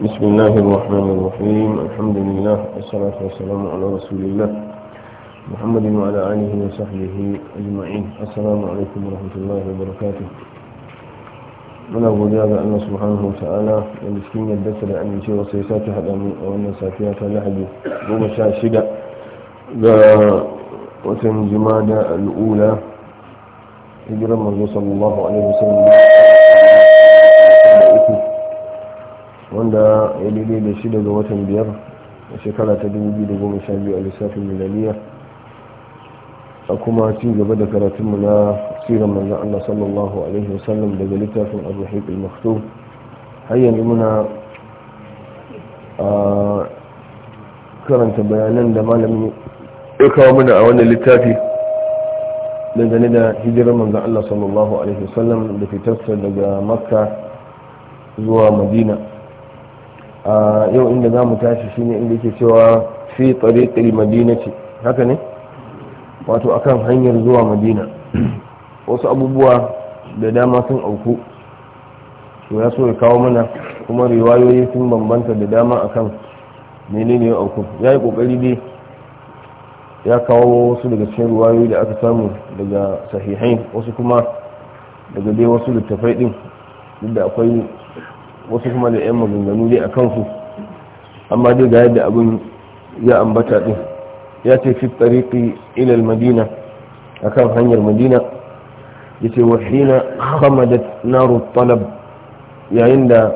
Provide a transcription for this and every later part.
بسم الله الرحمن الرحيم الحمد لله والصلاة والسلام على رسول الله محمد وعلى آله وصحبه أجمعين السلام عليكم ورحمة الله وبركاته من أبو ذياب أن سبحانه وتعالى ومسكين يدسل أن يشير سيسات أحد وأن ساتيات لحد ومشا شدة وتن جمادة الأولى هجرة من صلى الله عليه وسلم wanda ya daidai da shi daga watan biyar a shekara ta 2012 a lissafin milaniya a kuma ci gaba da karatunmu na sirar manzan Allah sallallahu alaihi wasallam daga littafin abu haifin maktub har yanzu muna a karanta bayanan da malamin ya kawo muna a wannan littafi dangane da hijirar manzan Allah sallallahu alaihi wasallam da fitarsa daga makka zuwa madina yau inda za mu tashi shine inda yake cewa fi tsari madina ce haka ne wato akan hanyar zuwa madina wasu abubuwa da dama sun auku to ya so ya kawo mana kuma riwayoyi sun bambanta da dama akan menene ya auku ya yi kokari dai ya kawo wasu daga cikin riwayoyi da aka samu daga sahihain wasu kuma daga dai wasu littafai din duk da akwai wasu kuma da 'yan maganganu dai a kansu amma dai ga yadda abin ya ambata din ya ce fi tsariƙi ilal madina a kan hanyar madina ya ce wahina hamadat naru talab yayin da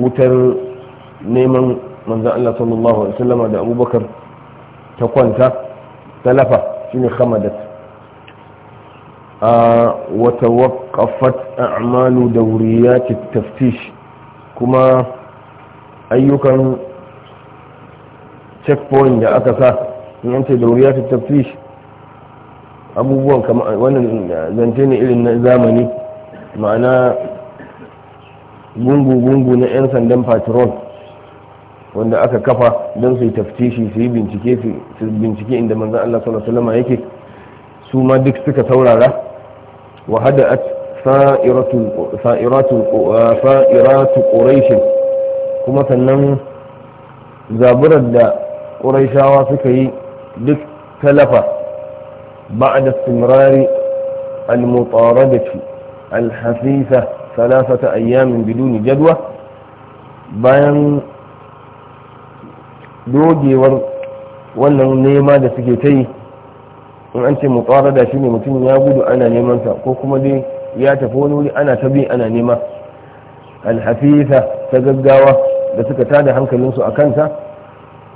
wutar neman manzan Allah sallallahu alaihi wasallama da abubakar ta kwanta talafa shine hamadat a wata waƙafat a'malu ce taftish kuma ayyukan checkpoint da aka sa in wuri ya dauriya ta tafish abubuwan kama wannan zance ne irin na zamani ma'ana gungu-gungu na 'yan sandan patron wanda aka kafa don su yi taftishi su yi bincike su bincike inda manzan Allah sallallahu alaihi yake su ma duk suka saurara wa Ah, sa'iratu ƙuraishin kuma sannan zaburar da ƙuraishawa suka yi duk talafa ba da simrari al-mutaradati al-hasisa salasata ayyamin biduni jadwa bayan dogewar wannan nema da suke ta yi in an ce shi ne mutum ya gudu ana neman sa ko kuma dai ya tafi wani wuri ana ta bi ana nema alhafisa ta gaggawa da suka tada hankalinsu a kanta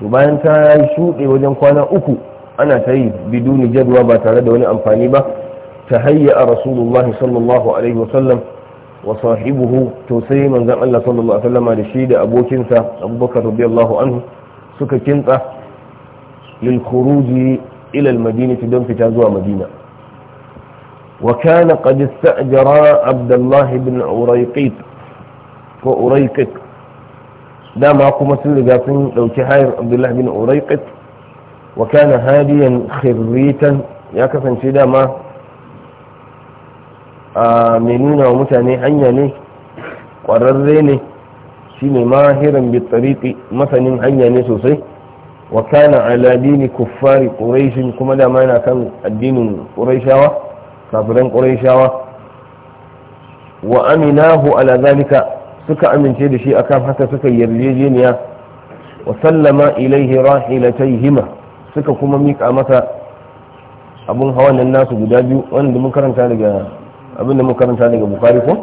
to bayan ta shuɗe wajen kwana uku ana ta yi biduni jadwa ba tare da wani amfani ba ta hayya a rasulullahi sallallahu alaihi wasallam wa sahibuhu to sai manzon Allah sallallahu alaihi da shi da abokinsa Abubakar radiyallahu anhu suka kintsa lil khuruji ila al madinati don fita zuwa madina وكان قد استأجر عبد الله بن أوريقيت وأوريقيت دام أقوم سلقا لو تحير عبد الله بن أوريقيت وكان هاديا خريتا يا كفن شدا ما آمنين ومتاني حياني وررني شيني ماهرا بالطريق مثلا حياني سوسي وكان على دين كفار قريش كما دام أنا كان الدين قريشاوه kafiran ƙurayshawa wa aminahu ala zalika suka amince da shi akan haka suka yarjejeniya wa sallama ilaihi rahilataihima suka kuma mika masa abun hawan nan nasu guda biyu wanda mun karanta daga abin da mun karanta daga bukari ko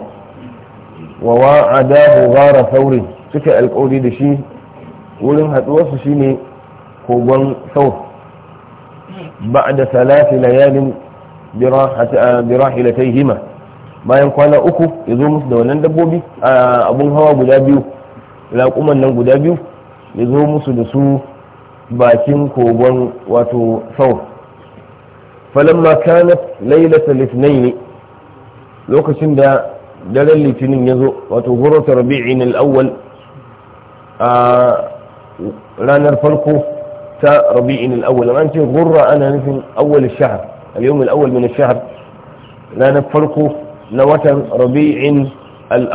wa wa'adahu ghara saurin suka alƙawari da shi wurin su shine kogon saur ba'da salati layalin Ah, birahilatayhima bayan kwana uku ya zo musu da wannan dabbobi ah, abun hawa guda biyu laƙuman nan guda biyu ya zo musu da su bakin kogon wato sau falamma kanat lailata litnaini lokacin da daren litinin ya zo wato hurata rabi'in al'awwal a ah, ranar farko ta rabi'in al'awwal an ce gurra ana nufin awwal shahar al-yawm al-awwal min ash-shahr farko na watan rabi'in al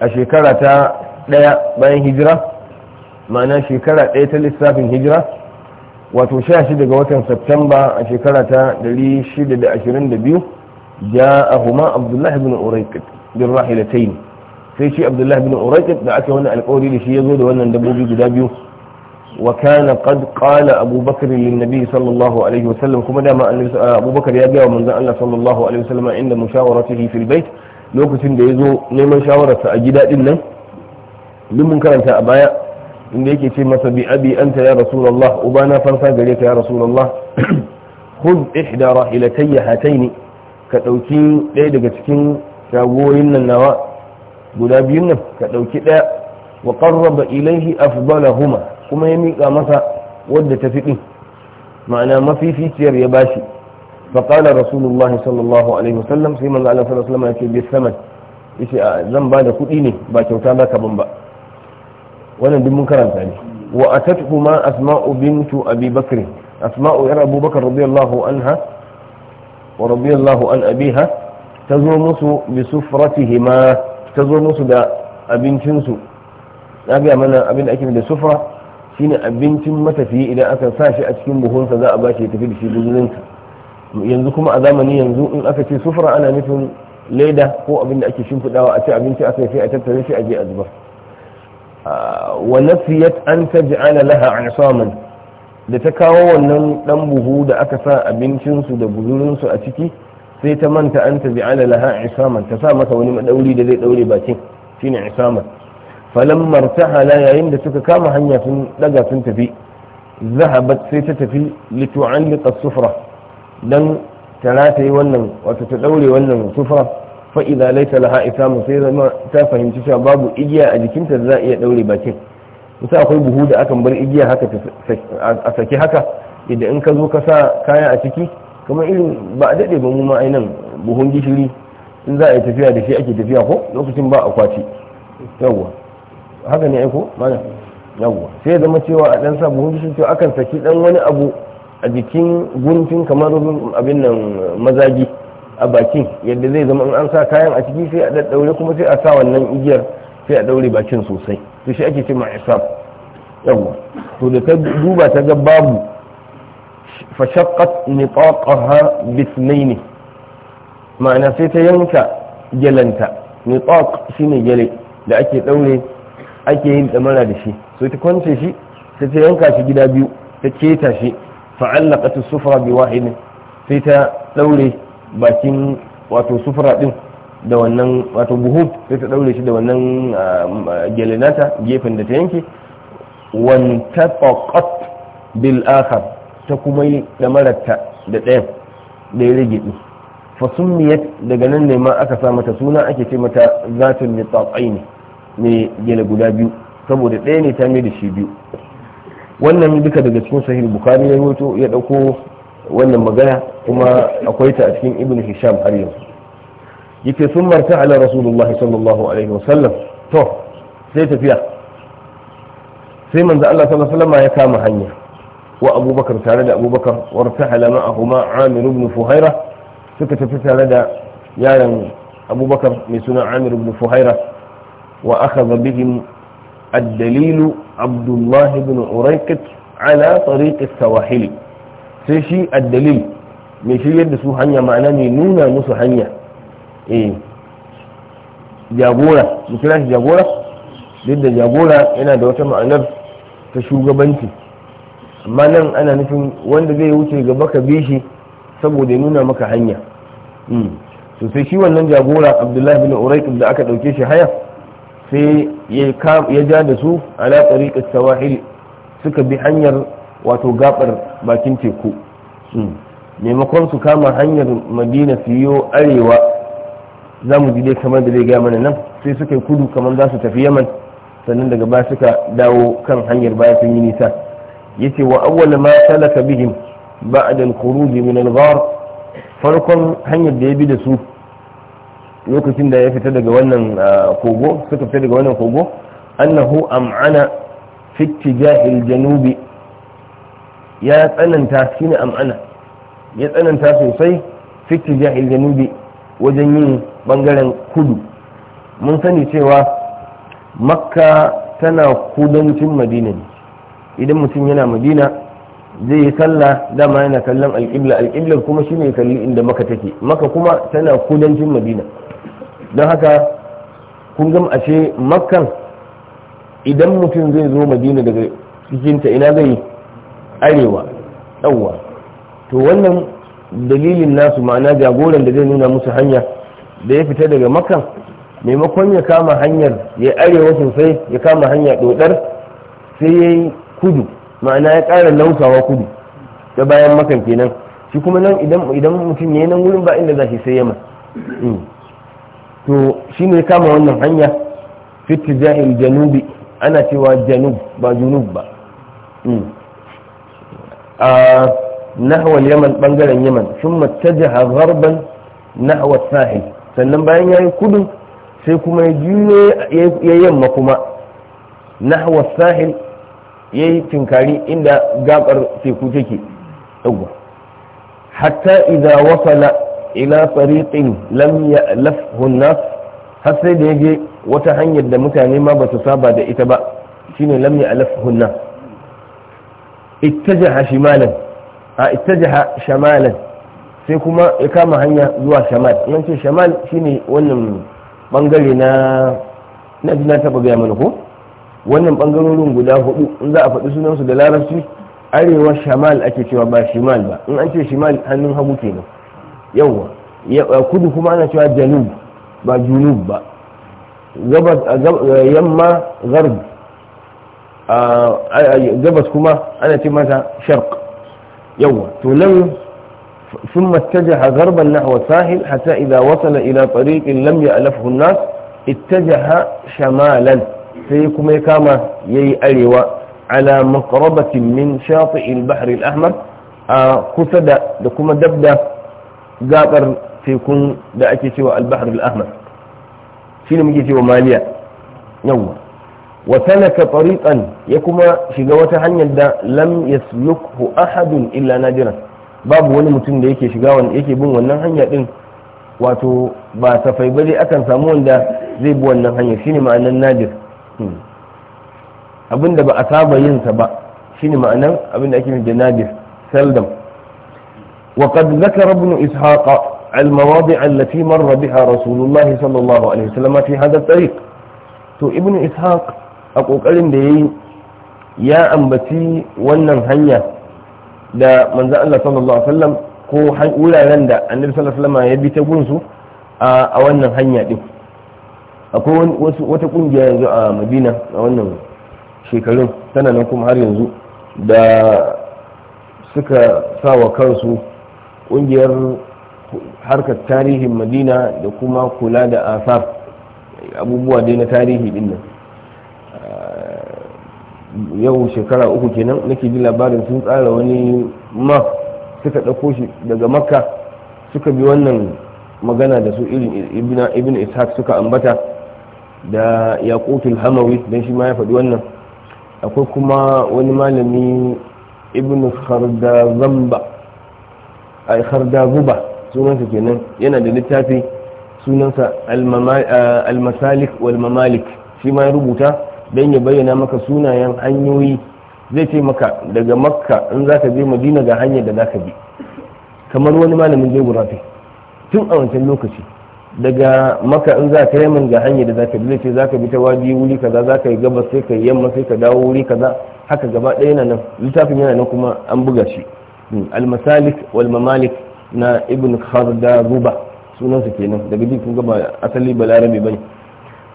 a shekara ta daya bayan hijira ma'ana shekara daya ta lissafin hijira wato 16 ga watan Septemba a shekara ta 622 ja'ahuma Abdullah ibn Urayqit bin rahilatayn sai shi Abdullah ibn Urayqit da aka wani alkawari da shi zo da wannan dabbobi guda biyu وكان قد قال أبو بكر للنبي صلى الله عليه وسلم كما دام أبو بكر يبيع من ذا الله صلى الله عليه وسلم عند مشاورته في البيت lokacin da ya zo neman shawararsa a gida din nan duk mun karanta a baya inda yake ce masa bi abi anta ya rasulullah ubana fansa gare ka ya rasulullah khud ihda rahilatayya hataini ka dauki ɗaya daga cikin shagoyin nan nawa guda biyun nan ka dauki ɗaya wa qarraba ilayhi afdalahuma kuma ya miƙa masa wadda ta fiɗi ma'ana mafificiyar ya bashi faƙala rasulullah sallallahu alaihi wasallam sai manzo Allah sallallahu alaihi wasallam ya ce bi saman yace zan ba da kuɗi ne ba kyauta za ka ban ba wannan duk mun karanta ne wa atatuhu ma asma'u bintu abi bakr asma'u yar abubakar radiyallahu anha wa radiyallahu an abiha tazo musu bi sufratihima tazo musu da abincinsu na gaya mana abin da ake da sufra shine abincin matafiyi idan aka sa shi a cikin buhunsa za a ba shi ya tafi da shi guzurinsa yanzu kuma a zamani yanzu in aka ce sufura ana nufin leda ko abin da ake shimfiɗawa a ce abinci aka sai a tattare shi a je a zubar ah, wa nafiyat an taj'ala laha asaman da ta kawo wannan dan buhu da aka sa abincinsu da su a ciki sai ta manta an taj'ala laha asaman ta sa masa wani madauri da zai daure bakin shine asaman falamma irtahala yayin da suka kama hanya sun daga sun tafi zahabat sai ta tafi litu'alliqa sufra dan ta rataye wannan wata ta daure wannan sufra fa idza laita laha isamu sai zama ta fahimci cewa babu igiya a jikinta za iya daure bakin kusa akwai buhu da akan bar igiya haka a saki haka idan in ka zo ka sa kaya a ciki kamar irin ba a daɗe ba mu ma ainihin buhun gishiri in za a yi tafiya da shi ake tafiya ko lokacin ba akwati yawwa haka ne aiko mana yawwa sai zama cewa a ɗan sa buhun cewa akan saki ɗan wani abu a jikin guntun kamar abin nan mazaji a bakin yadda zai zama in an sa kayan a ciki sai a ɗaɗɗaure kuma sai a sa wannan igiyar sai a ɗaure bakin sosai to shi ake ce ma isab yawwa to da ta duba ta ga babu fa shaqqat nitaqaha bithnayn ma'ana sai ta yanka gelanta nitaq shine gele da ake daure ake yin damara da shi so ta kwance shi sai ta yanka shi gida biyu ta keta shi sufura sufra bi wahid sai ta daure bakin wato sufura din da wannan wato buhu sai ta daure shi da wannan ah, gelinata gefen da ta yanke wan tafaqat bil akhar ta kuma yi damararta da ɗaya da ya rage fa summiyat daga nan ne ma aka sa mata suna ake ce mata zatun ne. mai gele guda biyu saboda ɗaya ne ta mai da shi biyu wannan duka daga cikin sahih bukhari ya rawaito ya dauko wannan magana kuma akwai ta a cikin ibnu hisham har yanzu yake sun marta ala rasulullah sallallahu alaihi wasallam to sai tafiya sai manzo Allah sallallahu alaihi ya kama hanya wa abubakar tare da abubakar wartahala ma'ahuma amir ibn fuhaira suka tafi tare da yaron abubakar mai suna amir ibn fuhaira وأخذ بهم الدليل عبد الله بن أريكت على طريق السواحل سيشي الدليل mai shiryar da su hanya ma'ana mai nuna musu hanya eh jagora mu kira jagora duk jagora yana da wata ma'anar ta shugabanci amma nan ana nufin wanda zai wuce gaba ka bi shi saboda ya nuna maka hanya hmm. sosai shi wannan jagora abdullahi bin uraik da aka ɗauke shi haya sai ya ja da su a latsari sawahil suka bi hanyar wato gabar bakin teku hmm. maimakon su kama hanyar madina su yiwo arewa za mu ji dai kamar da zai gaya mana nan sai suka yi kudu kamar za su tafi yaman sannan daga ba suka dawo kan hanyar bayan sun yi nisa ya ce wa awwala ma salaka bihim ba'da al min al-ghar farkon hanyar da ya bi da su lokacin da ya fita daga wannan ah, kogo suka fita daga wannan kogo annahu am'ana fi tijahil janubi ya tsananta shine am'ana ya tsananta sosai fi tijahil janubi wajen yin bangaren kudu mun sani cewa makka tana kudancin madina ne idan mutum yana madina zai yi sallah dama yana kallon alƙibla alƙiblar kuma shine kalli inda maka take maka kuma tana kudancin madina don haka kun gama ashe makkan idan mutum zai zo madina daga cikinta ina zai arewa ɗauwa to wannan dalilin nasu ma'ana jagoran da zai nuna musu hanya da ya fita daga makkan maimakon ya kama hanyar ya arewa sosai ya kama hanya dodar sai ya yi kudu ma'ana ya ƙara lausawa kudu da bayan makan kenan shi kuma nan idan mutum ya yi nan wurin ba inda za shi sai yamma hmm. to shi ne kama wannan hanya fiti jahil janubi ana cewa janub ba junub ba hmm. a yaman bangaren yaman sun mattajaha garban nahawar sahil sannan bayan ya yi kudu sai kuma ya juyo ya yamma kuma nahawar sahil ya yi tinkari inda gabar teku take hatta idza wasala ila fariqin lam ya'lafhu an-nas har sai da yaje wata hanyar da mutane ma ba su saba da ita ba shine lam ya'lafhu an-nas ittajaha shimalan a ittajaha shimalan sai kuma ya kama hanya zuwa shamal in ce shamal shine wannan bangare na na na ta gaya mana ko wannan bangarorin guda hudu in za a faɗi sunansu da larabci arewa shamal ake cewa ba shimal ba in an ce shimal hannun hagu kenan yawa kudu kuma ana cewa جنوب ba junub ba yamma garb gabas kuma ana ce mata sharq yawa to nan ثم اتجه غربا نحو الساحل حتى إذا وصل إلى طريق لم يألفه الناس اتجه شمالا سيكم كما يي على مقربة من شاطئ البحر الأحمر كسد آه، لكم دبدة gabar tekun da ake cewa albahar bahr al-ahmar shine muke cewa maliya yawwa wa salaka tariqan ya kuma shiga wata hanyar da lam yaslukhu ahadun illa nadira babu wani mutum da yake shiga wanda yake bin wannan hanya din wato ba safai ba dai akan samu wanda zai bi wannan hanya shine ma'anan nadir hmm. abinda ba a saba yin sa ba shine ma'anan abinda ake nufi da nadir seldom وقد ذكر ابن إسحاق المواضع التي مر بها رسول الله صلى الله عليه وسلم في هذا الطريق تو ابن إسحاق أقول قلن دي يا أنبتي ونن هنيا دا من الله صلى الله عليه وسلم ko wuraren da annabi sallallahu alaihi wasallam ya bi ta gunsu a wannan hanya din akwai wata kungiya yanzu a madina a wannan shekarun tana nan har yanzu da suka sawa kansu ƙungiyar harkar tarihin madina da kuma kula da asaf abubuwa dai na tarihi din nan ah, yau shekara uku kenan nake ji labarin sun tsara wani ma suka ɗauko shi daga makka suka bi wannan magana da su irin ibn ishaq suka ambata da yaqutul hamawi don shi ma ya faɗi wannan akwai kuma wani malami ibn khardazamba a harda guba sunansa kenan yana da littafi sunansa almasalik wal mamalik shi ma ya rubuta don ya bayyana maka sunayen hanyoyi zai ce maka daga makka in za ka je madina ga hanyar da za ka bi kamar wani malamin gurafi tun a wancan lokaci daga maka in za ka yamin ga hanyar da za ka bi ce za ka bi ta waje wuri kaza za ka yi gabas sai ka yamma sai ka dawo wuri kaza haka gaba ɗaya yana nan littafin yana nan kuma an buga shi Hmm. al-masalik na mamalik na ibn khardabuba sunansu kenan daga ji kun gaba asali ba bane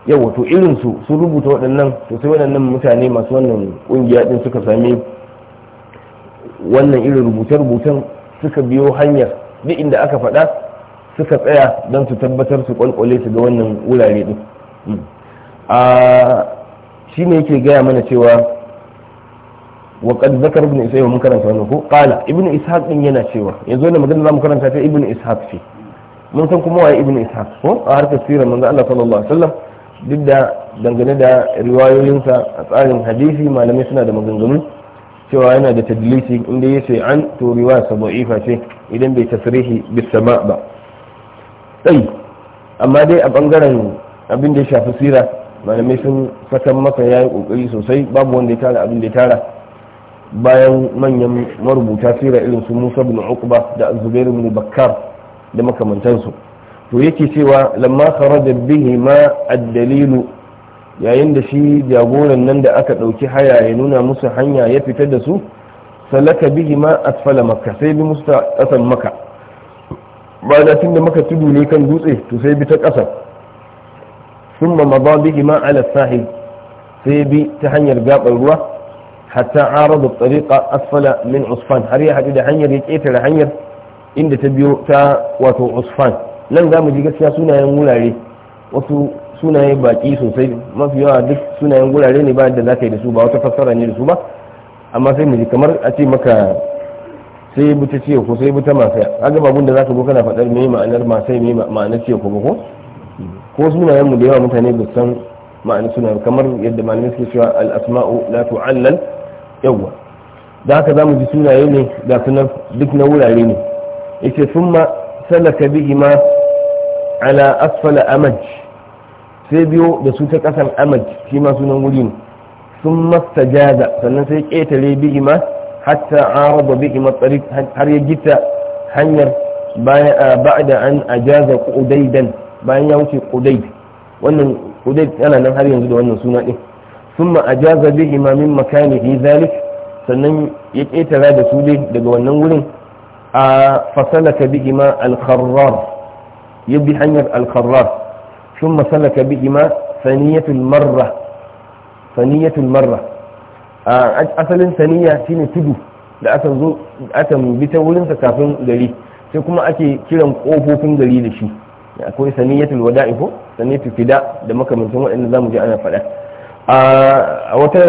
yau wato irin su sun rubuta waɗannan to sai waɗannan mutane masu wannan ƙungiya din suka sami wannan irin rubuce-rubucen suka biyo hanyar duk inda aka faɗa suka tsaya don su tabbatar su kwalkwale su ga wannan wurare din hmm. a ah, shi ne yake gaya mana cewa wa qad zakar ibn ishaq mun karanta wannan ko qala ibn ishaq din yana cewa yanzu ne magana zamu karanta ta ibn ishaq ce mun san kuma waye ibn ishaq ko a harkar sirar manzo Allah sallallahu alaihi wasallam duk da dangane da riwayoyinsa a tsarin hadisi malamai suna da maganganu cewa yana da tadlisi inda ya ce an to riwaya sabu'ifa ce idan bai tasrihi bis sama ba sai amma dai a bangaren abin da ya shafi sira malamai sun sakan masa yayi kokari sosai babu wanda ya tara abin da ya tara bayan manyan marubuta sira irin su Musa bin Uqba da Zubair bin Bakkar da makamantansu to yake cewa lamma kharaja bihi ma ad-dalilu yayin da shi jagoran nan da aka dauki haya ya nuna musu hanya ya fita da su salaka bihi ma asfala makka sai bi musu kasan makka ba da tun da maka tudu ne kan dutse to sai bi ta kasa summa madha bihi ma ala sahil sai bi ta hanyar gabar ruwa hatta aradu tariqa asfala min usfan har ya hadu da hanyar ya ketare hanyar inda ta biyo ta wato usfan nan za mu ji gaskiya sunayen wurare wasu sunaye baki sosai mafi yawa duk sunayen wurare ne ba da za ka da su ba wata fassara ne da su ba amma sai mu kamar a maka sai bi ta ko sai bi ta masaya aga babun da zaka zo kana fadar me ma'anar masai me ma'anar ce ko ba ko ko sunayen mu da yawa mutane ba san ma'anar sunayen kamar yadda malamai suke cewa al asma'u la tu'allal yawwa da haka za mu ji sunaye ne ga sunan duk na wurare ne yace ma salaka bihi ma ala asfala amaj sai biyo da su ta kasan amaj shi ma sunan wuri ne sun jaza sannan sai ketare bihi ma hatta arada bihi ma tsari har ya gita hanyar ba'da an ajaza qudaidan bayan ya wuce ƙudaid wannan qudaid yana nan har yanzu da wannan suna ɗin. a ajaza bihima min makanihi zalik sannan ya ketara da su dai daga wannan wurin a fasalaka bihima al-kharrar ya bi hanyar al-kharrar thumma salaka bihima saniyatul marra saniyatul marra asalin saniya shine tudu da akan zo akan bi ta wurinsa kafin gari sai kuma ake kiran kofofin gari da shi akwai saniyatul wada'i ko saniyatul fida da makamancin waɗanda zamu je ana faɗa a wata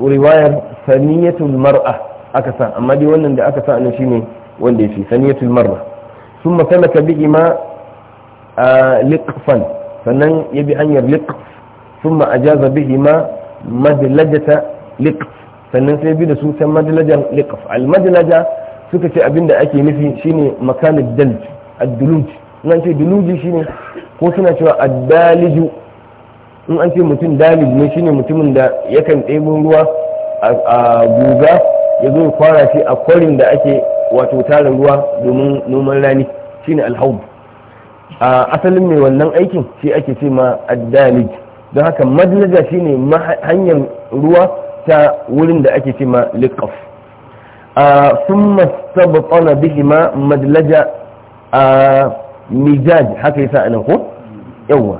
riwayar saniyatul mar'a aka sa amma dai wannan da aka sa ne shine wanda ya fi saniyatul mar'a sun masalaka bi ma liqfan sannan ya bi hanyar liqf ثم bi ma madlajata لقف sannan sai bi da su ta madalajar liqaf almadalaja suka ce abinda ake nufi shine makalid dalj ad-duluj nan ce duluji shine ko suna cewa ad-daliju in an ce mutum dalib ne shine mutumin da yakan ɗebo ruwa a guga ya zo fara shi a kwarin da ake wato tara ruwa domin noman rani shine alhaub a asalin mai wannan aikin shi ake ce ma addalij don haka madlaja shine hanyar ruwa ta wurin da ake ce ma liqaf ثم a mijaj haka yasa a nan ko yawwa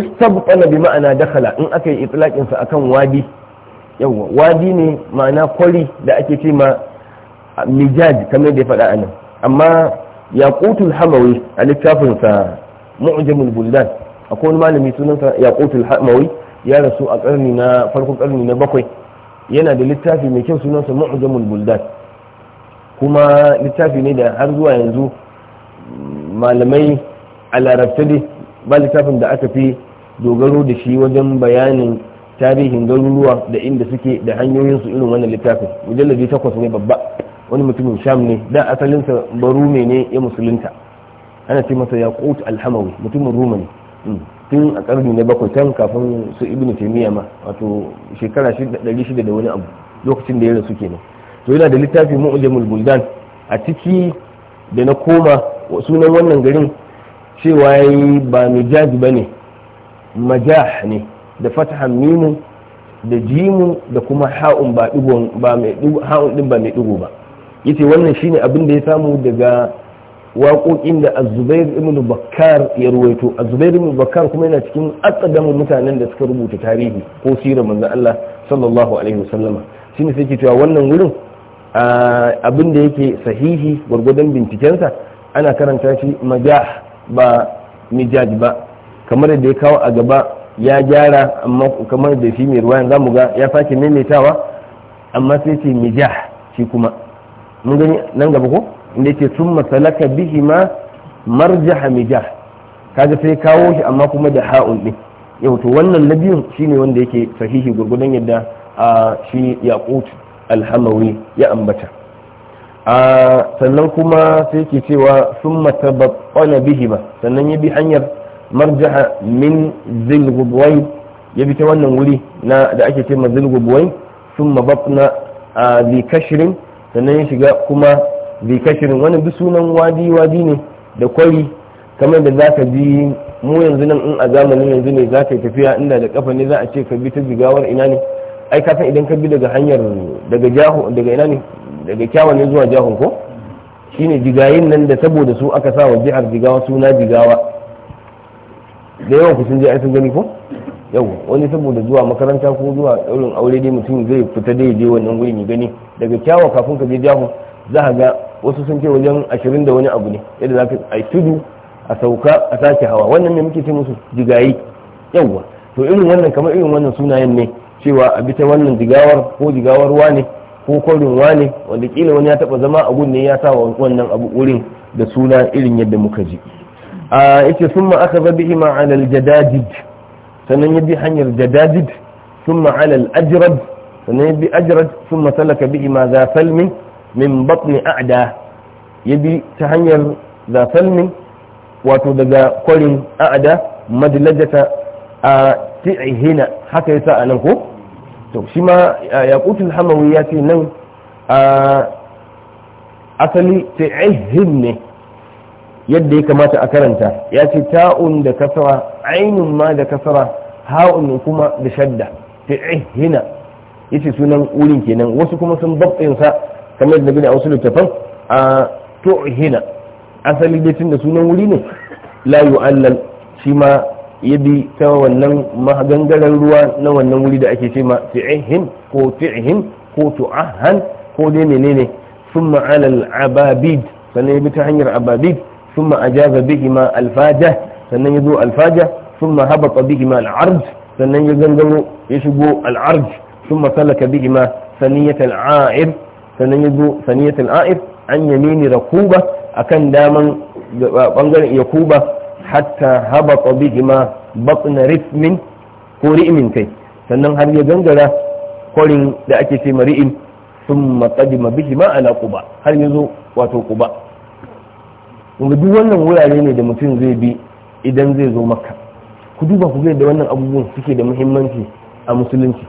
istabtala bi ma'ana dakhala in aka yi itlaqin sa akan wadi yawa wadi ne ma'ana kwari da ake ce ma mijaj kamar da ya faɗa anan amma yaqutul hamawi a littafin sa mu'jamul buldan akwai wani malami sunansa yaqutul hamawi ya rasu a karni na farko karni na bakwai yana da littafi mai kyau sunansa mu'jamul buldan kuma littafi ne da har zuwa yanzu malamai a larabtali ba littafin da aka fi dogaro da shi wajen bayanin tarihin garuruwa da inda suke da hanyoyin su irin wannan littafin mujalladi takwas ne babba wani mutumin sham ne da asalinsa barume ne ya musulunta ana ce masa yakutu alhamawi mutumin ruma ne hmm. tun a karni na bakwai tan kafin su ibnu taymiya ma wato shekara 600 da wani abu lokacin da ya rasu kenan to yana da littafi mu'jamul buldan a ciki da na koma sunan wannan garin cewa yayi ba mijaji bane majah ne da fatahan mimu da jimu da kuma ha'un ba mai ha'un din ba mai digo ba yace wannan shine abin da ya samu daga waƙoƙin da azubair ibn bakkar ya ruwaito azubair ibn bakkar kuma yana cikin aqdamin mutanen da suka rubuta tarihi ko sirar manzon Allah sallallahu alaihi wasallama shine sai ke cewa wannan wurin abin da yake sahihi gwargwadon bincikensa ana karanta shi majah ba mijaj ba kamar da ya kawo a gaba ya gyara amma kamar da shi mai ruwa zamu ga ya sake maimaitawa amma sai ce mijah shi kuma mun gani nan gaba ko inda ce sun masalaka bihi ma marjaha mijah kaga sai kawo shi amma kuma da ha'un ɗin yau to wannan na biyun shine wanda yake sahihi gwargwadon yadda a shi yaqut alhamawi ya ambata a sannan kuma sai ke cewa sun matababbala bihi ma sannan ya bi hanyar marja'a min zilgubwai ya bi ta wannan wuri na da ake ce ma zilgubwai sun na a zikashirin sannan ya shiga kuma zikashirin wani bi sunan wadi wadi ne da kwari kamar da za ka bi mu yanzu nan in a zamanin yanzu ne za ka yi tafiya inda da kafa ne za a ce ka bi ta jigawar ina ne ai ka idan ka bi daga hanyar daga jahu daga ina ne daga kyawun ne zuwa jahun ko shine jigayin nan da saboda su aka sa wa jihar jigawa suna jigawa da yawan kusan je sun gani ko yau wani saboda zuwa makaranta ko zuwa daurin aure dai mutum zai fita dai je wannan gurin ne gani daga kyawa kafin ka je jahu za ka ga wasu sun ce wajen ashirin da wani abu ne yadda za ka a tudu a sauka a sake hawa wannan ne muke ce musu jigayi yawwa to irin wannan kamar irin wannan sunayen ne cewa a bi ta wannan jigawar ko jigawar wane ko kwarin wane wanda kila wani ya taba zama a gun ne ya sa wannan abu wurin da suna irin yadda muka ji a yace summa akhadha bihima ima al-jadadid sannan ya bi hanyar jadadid sun ala al-ajrad sannan ya bi ajrad summa salaka bi za salmin min batni a'da ya bi ta hanyar za salmin wato daga kwarin a'da madlajata a ti'ihina haka yasa a nan ko to shi ma ya yaqutul hamawi ya ce nan a asali ti'ihin ne yadda ya kamata a karanta ya ce ta'un da kasara ainun ma da kasara ha'un kuma da shadda ya yace sunan wurin kenan wasu kuma sun babbinsa sa kamar da gina a wasu littafan a hina asali dai tun da sunan wuri ne layu yu'allal shi ma ya bi ta wannan mahagangaren ruwa na wannan wuri da ake ce ma fi'ihin ko fi'ihin ko tu'ahan ko dai menene sun ma'alal ababid sannan ya bi ta hanyar ababid ثم أجاز بهما الفاجة sannan ya zo alfaja sun mahaba ƙabi gima al'arj sannan ya zangaro ya shigo al'arj sun masala ƙabi gima saniyatan a'ir sannan ya zo saniyatan a'ir an yamini rakuba a kan daman ɓangaren ya kuba hatta haba ƙabi gima batsina rifmin ko ri'imin kai sannan har ya gangara kwarin da ake ce ma ri'im sun ma bihi ma ala kuba har ya wato kuba wanda duk wannan wurare ne da mutum zai bi idan zai zo makka ku duba ku da wannan abubuwan suke da muhimmanci a musulunci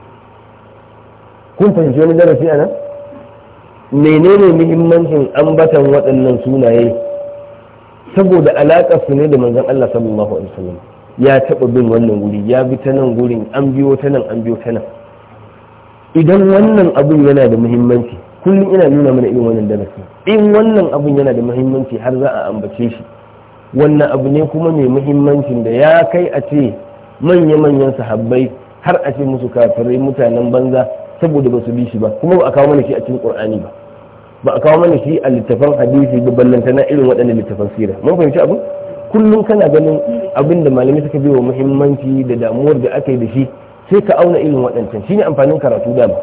kun fahimci wani darasi a nan menene muhimmancin ambatan waɗannan sunaye saboda alaƙar su ne da manzon Allah sallallahu alaihi wasallam ya taɓa bin wannan guri ya bi ta nan gurin an biyo ta nan an biyo ta nan idan wannan abin yana da muhimmanci kullum ina nuna mana irin wannan darasi in wannan abun yana da muhimmanci har za a ambace shi wannan abu ne kuma mai muhimmancin da ya kai a ce manya-manyan sahabbai har a ce musu kafirai mutanen banza saboda ba su bi shi ba kuma ba a kawo mana shi a cikin qur'ani ba ba a kawo mana shi a littafan hadisi ba ballanta na irin waɗannan littafan sira mun fahimci abu kullum kana ganin abin da malamai suka bi wa muhimmanci da damuwar da aka yi da shi sai ka auna irin shi ne amfanin karatu dama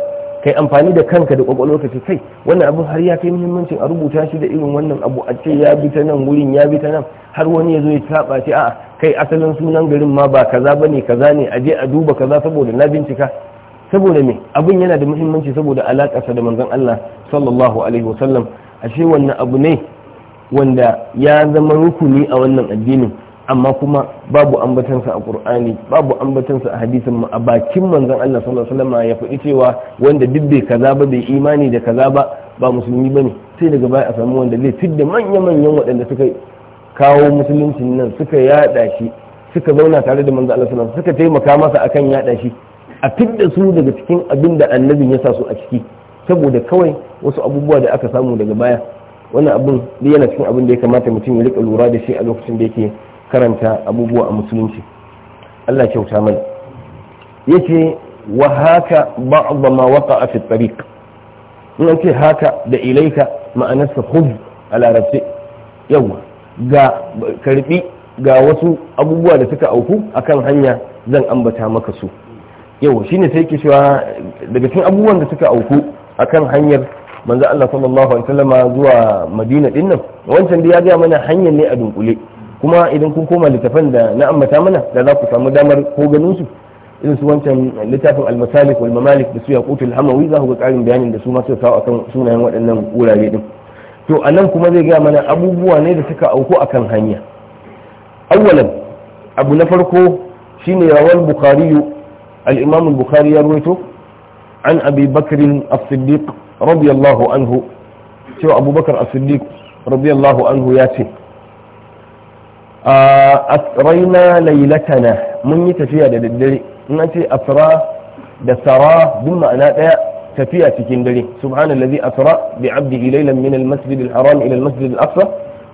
kai amfani da kanka da kwakwalwa ka ce kai wannan abun har ya kai muhimmancin a rubuta shi da irin wannan abu a ce ya bi ta nan wurin ya bi ta nan har wani ya zo ya saba ce a'a kai asalin sunan garin ma ba kaza ba ne, kaza ne a je a duba kaza saboda na bincika saboda me abin yana da muhimmanci saboda alakarsa da manzon Allah sallallahu alaihi wasallam ashe wannan abu ne wanda ya zama rukuni a wannan addinin amma kuma babu ambatansa a ƙur'ani babu ambatansa a hadisin a bakin manzon Allah sallallahu alaihi wasallam ya faɗi cewa wanda duk bai kaza ba bai imani da kaza ba ba musulmi bane sai daga baya a samu wanda zai fidda manya manyan waɗanda suka kawo musuluncin nan suka yada shi suka zauna tare da manzon Allah sallallahu alaihi wasallam suka taimaka masa akan yada shi a fidda su daga cikin abin da annabin ya sa su a ciki saboda kawai wasu abubuwa da aka samu daga baya wannan abin yana cikin abin da ya kamata mutum ya rika lura da shi a lokacin da yake karanta abubuwa a musulunci Allah kyauta mana Yake wa haka ba'd ma waqa'a fi tariq in ce haka da ilaika ma'anarsa khudh a larabce yawa ga karbi ga wasu abubuwa da suka auku akan hanya zan ambata maka su yawa shine sai yake cewa daga cikin abubuwan da suka auku akan hanyar manzo Allah sallallahu alaihi wasallama zuwa Madina dinnan wancan da ya gaya mana hanyar ne a dunkule kuma idan kun koma littafan da na ambata mana da za ku samu damar ko ganin su irin su wancan littafin almasalik wal mamalik da su yaqutul hamawi za ku ga karin bayanin da su ma suka kawo akan sunayen waɗannan wurare din to a nan kuma zai gaya mana abubuwa ne da suka auku akan hanya awwalan abu na farko shine rawal bukhari al-imam al-bukhari ya ruwaito an abi bakr as-siddiq radiyallahu anhu cewa abubakar as-siddiq radiyallahu anhu ya ce asraina lailatana mun yi tafiya da daddare in an ce asra da sara duk ma'ana daya tafiya cikin dare subhanallazi asra bi abdihi laylan min al-masjid haram ila al-masjid al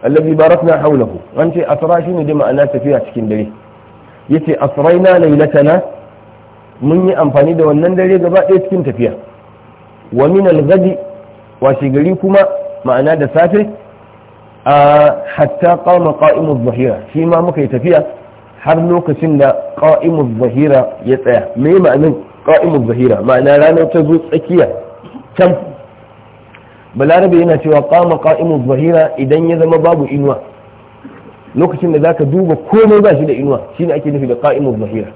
alladhi barakna hawlahu an ce asra shine da ma'ana tafiya cikin dare yace asraina lailatana mun yi amfani da wannan dare gaba ɗaya cikin tafiya wa min al washe gari kuma ma'ana da safe hatta qama qa'imu zahira shi ma muka yi tafiya har lokacin da qa'imu zahira ya tsaya me ma'anin qa'imu zahira ma'ana ranar ta zo tsakiya can balarabe yana cewa qama qa'imu zahira idan ya zama babu inuwa lokacin da zaka duba komai ba shi da inuwa shine ake nufi da qa'imu zahira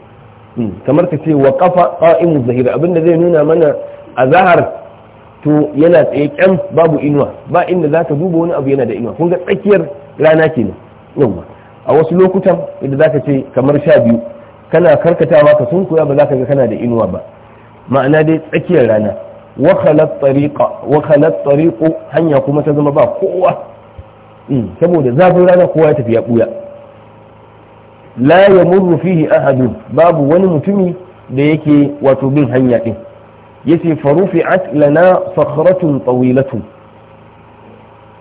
kamar ka ce wa qafa qa'imu zahira abinda zai nuna mana a zahar to yana tsaye kyan babu inuwa ba inda za ka duba wani abu yana da inuwa kun ga tsakiyar rana kenan nan a wasu lokutan idan za ka ce kamar sha biyu kana karkatawa ka sun ba za ka ga kana da inuwa ba ma'ana dai tsakiyar rana wa khalat tariqu hanya kuma ta zama ba kowa hmm, saboda zafin rana kowa ya tafi ya buya la yamurru fihi ahadun babu wani mutumi da yake wato bin hanya ɗin. yace fa rufi'at lana sakhratun tawilatun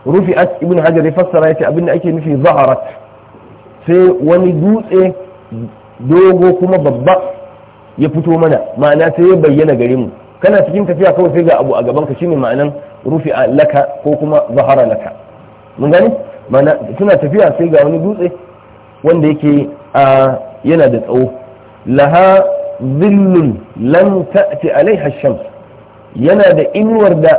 rufi'at ibn hajar ya fassara yace abinda ake nufi zaharat sai wani dutse dogo kuma babba ya fito mana ma'ana sai ya bayyana gare mu kana cikin tafiya kawai sai ga abu a gaban ka shine ma'anan rufi'a laka ko kuma zahara laka mun gani ma'ana suna tafiya sai ga wani dutse wanda yake yana da tsawo laha zillun lam ta'ti alaiha shams yana da inuwar da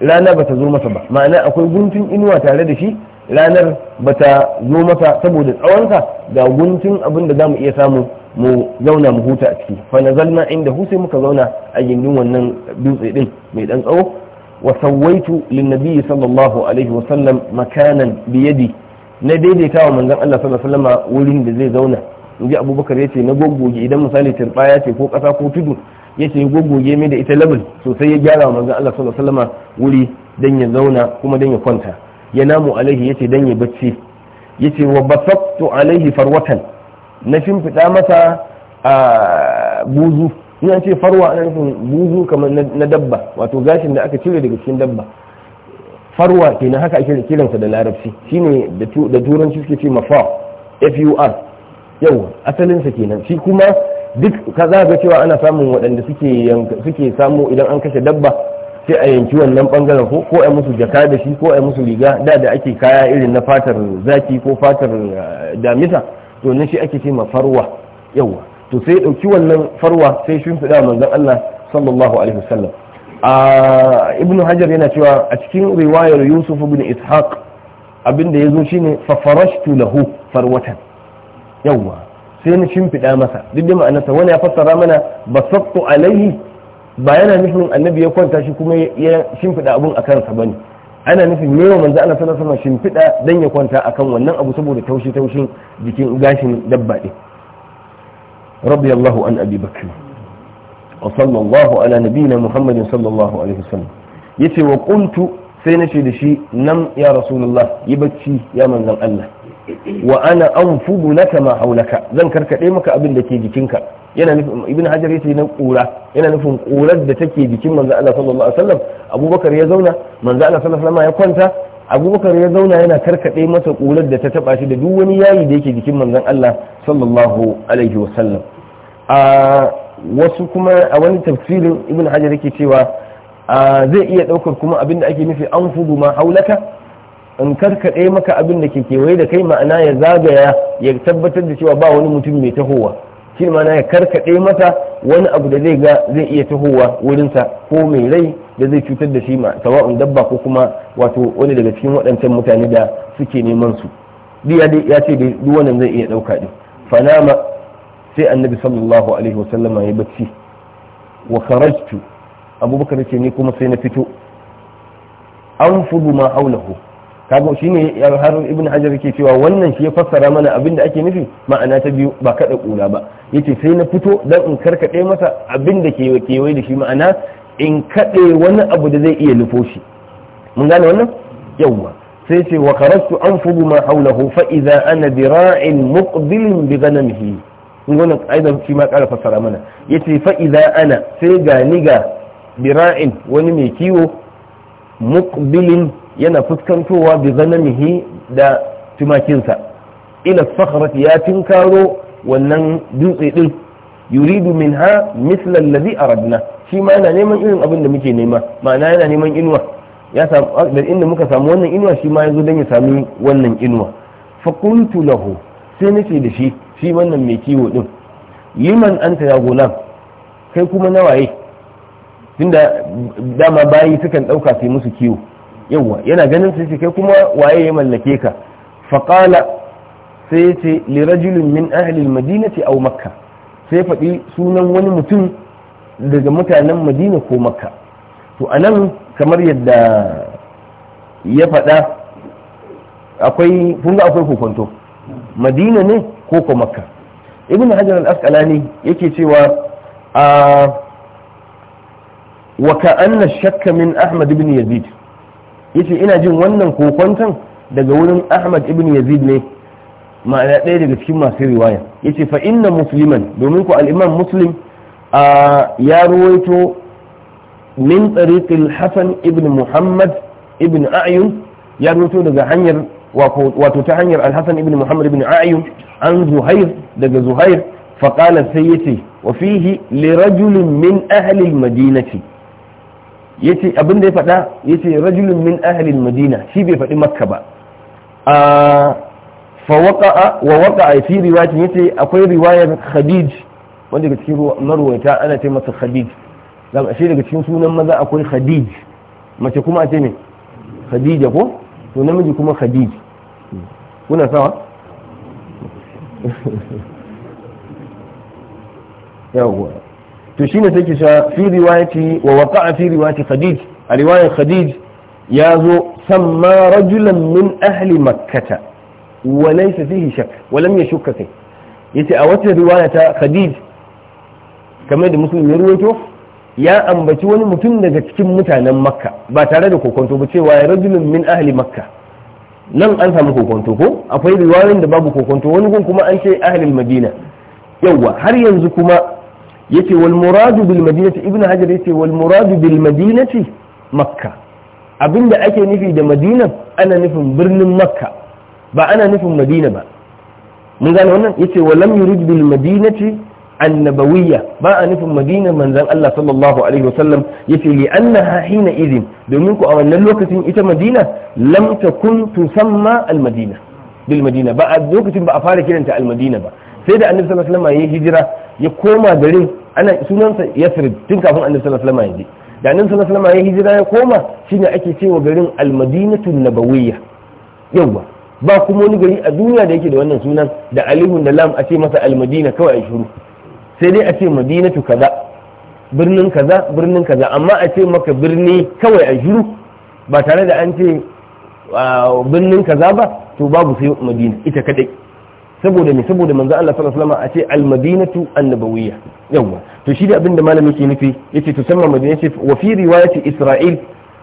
rana bata zo masa ba ma'ana akwai guntun inuwa tare da shi ranar bata zo masa saboda tsawonsa ga guntun abin da zamu iya samu mu zauna mu huta a ciki fa nazalna inda hu sai muka zauna a gindin wannan dutse din mai dan tsawo wa sawaitu linnabi sallallahu alaihi wa sallam makanan biyadi na daidaitawa manzon Allah sallallahu alaihi wurin da zai zauna in abubakar ya ce na goggoge idan misali turba ya ce ko ƙasa ko tudu ya ce goggoge mai da ita labin sosai ya gyara wa manzan Allah sallallahu alaihi wuri dan ya zauna kuma dan ya kwanta ya namu alaihi ya ce dan ya bacci ya ce wa basattu alaihi farwatan na shimfiɗa masa a buzu ina ce farwa ana nufin buzu kamar na dabba wato gashin da aka cire daga cikin dabba farwa kenan haka ake kiransa da larabci shine da turanci suke ce mafa f u yawa asalinsa kenan shi kuma duk ka za ga cewa ana samun waɗanda suke suke samu idan an kashe dabba sai a yanki wannan bangaren ko ko a musu jaka da shi ko a musu riga da da ake kaya irin na fatar zaki ko fatar eh, damisa to nan shi ake cewa farwa yawa to sai ɗauki wannan farwa sai shi fida manzon Allah sallallahu alaihi wasallam a ibn hajar yana cewa a cikin riwayar yusuf ibn ishaq abinda yazo shine fa farashtu lahu farwatan yawwa sai na shimfiɗa masa duk da ma'anarsa wani ya fassara mana basattu alaihi ba yana nufin annabi ya kwanta shi kuma ya shimfiɗa abun a kansa bane ana nufin ne wa manzo Allah sallallahu alaihi shimfiɗa dan ya kwanta akan wannan abu saboda taushi taushin jikin gashin dabba din radiyallahu an abi bakr wa sallallahu ala nabiyina muhammadin sallallahu alaihi wasallam yace wa qultu sai nace da shi nan ya rasulullah yi bacci ya manzon Allah wa ana anfudu na ma haulaka zan karkaɗe maka abin da ke jikinka yana nufin ibn hajar yace na kura yana nufin kurar da take jikin manzo Allah sallallahu alaihi wasallam abubakar ya zauna manzo Allah sallallahu alaihi wasallam ya kwanta abubakar ya zauna yana karkaɗe masa kurar da ta taba shi da duk wani yayi da yake jikin manzan Allah sallallahu alaihi wasallam a wasu kuma a wani tafsirin ibn hajar yake cewa zai iya daukar kuma abin da ake nufi an anfudu ma haulaka in karkaɗe maka abin da ke kewaye da kai ma'ana ya zagaya ya tabbatar da cewa ba wani mutum mai tahowa shi ma'ana ya karkaɗe mata wani abu da zai ga zai iya tahowa wurinsa ko mai rai da zai cutar da shi ma sawa'un dabba ko kuma wato wani daga cikin waɗancan mutane da suke neman su duk ya ce dai duk wannan zai iya ɗauka ɗin fanama sai annabi sallallahu alaihi sallama ya bacci wa kharajtu abubakar ce ni kuma sai na fito an fudu ma haulahu kaga ne har ibn hajar ke cewa wannan shi ya fassara mana abin da ake nufi ma'ana ta biyu ba kada kula ba yace sai na fito dan in karkade masa abin da ke kewaye da shi ma'ana in kade wani abu da zai iya lufo shi mun gane wannan yawa sai ce wa karastu anfudu ma hawlahu fa idza ana dira'in muqbilin bi ghanamihi in gane aida shi ma kara fassara mana yace fa idza ana sai ga ni ga dira'in wani mai kiwo muqbilin yana fuskantowa bi zanamihi da tumakinsa ila sakhrati ya tinkaro wannan dutse din yuridu minha misla alladhi aradna shi ma yana neman irin abin da muke nema ma'ana yana neman inuwa ya samu da inda muka samu wannan inuwa shi ma yazo dan ya sami wannan inuwa fa qultu lahu sai nace da shi shi wannan mai kiwo din liman anta ya gulam kai kuma nawaye tunda dama bayi sukan dauka sai musu kiwo yawa yana ganin sai ce kai kuma waye ya mallake ka faƙala sai ce lirajulun min ahlil madinati aw makka sai faɗi sunan wani mutum daga mutanen madina ko makka to anan kamar yadda ya faɗa akwai kun ga akwai kokonto madina ne ko ko makka ibn hajar al-asqalani yake cewa a ah, wa ka'anna shakka min ahmad ibn yazid yace ina jin wannan kokonton daga wurin ahmad ibn yazid ne ma'ana ɗaya daga cikin masu riwaya yace fa inna musliman domin ku al-imam muslim ya ruwaito min tariqil hasan ibn muhammad ibn a'yun ya ruwaito daga hanyar wato ta hanyar al-hasan ibn muhammad ibn a'yun an zuhair daga zuhair fa fihi li rajulin min min al madinati. yace abin da ya faɗa yace rajulun min ahlil madina shi bai faɗi makka ba a fa waqa'a wa waqa'a fi riwayati yace akwai riwayar khadij wanda daga cikin marwayata ana ce masa khadij zan ashe daga cikin sunan maza akwai khadij mace kuma a ce ne khadija ko to namiji kuma khadij kuna sawa yawwa to shine sai ke cewa fi riwayati wa waqa'a fi riwayati khadij a riwayar khadij ya zo samma rajulan min ahli makkata wa laysa fihi shak wa lam yashukka fi yace a wata riwaya ta khadij kamar da muslim ya ruwaito ya ambaci wani mutum daga cikin mutanen makka ba tare da kokonto ba cewa ya rajulun min ahli makka nan an samu kokonto ko akwai riwayoyin da babu kokonto wani gun kuma an ce ahlil madina yawwa har yanzu kuma yace wal muradu bil madinati ibnu hajar yace wal muradu bil madinati makka abinda ake nufi da madina ana nufin birnin makka ba ana nufin madina ba mun gane wannan yace wa lam yurid bil madinati annabawiyya ba a nufin madina manzan Allah sallallahu alaihi wasallam yace li annaha hina idin domin ku a wannan lokacin ita madina lam takun tusamma al madina bil madina ba a lokacin ba a fara kiranta al madina ba sai da annabi sallallahu alaihi wasallam ya hijira ya koma garin ana sunansa yasrib tun kafin annabi sallallahu alaihi wasallam ya da annabi sallallahu alaihi wasallam ya hijira ya koma shine ake cewa garin Al-Madinatu almadinatu nabawiyya yawa ba kuma wani gari a duniya da yake da wannan sunan da alihun da lam a ce masa Al-Madina kawai a shuru sai dai a ce madinatu kaza birnin kaza birnin kaza amma a ce maka birni kawai a shuru ba tare da an ce ah, birnin kaza ba to babu sai madina ita kadai saboda ne saboda manzo Allah sallallahu alaihi wasallam a ce al-madinatu an-nabawiyya yawa to shi da abin da malami ke nufi yace to sanna madina ce wa fi riwayati isra'il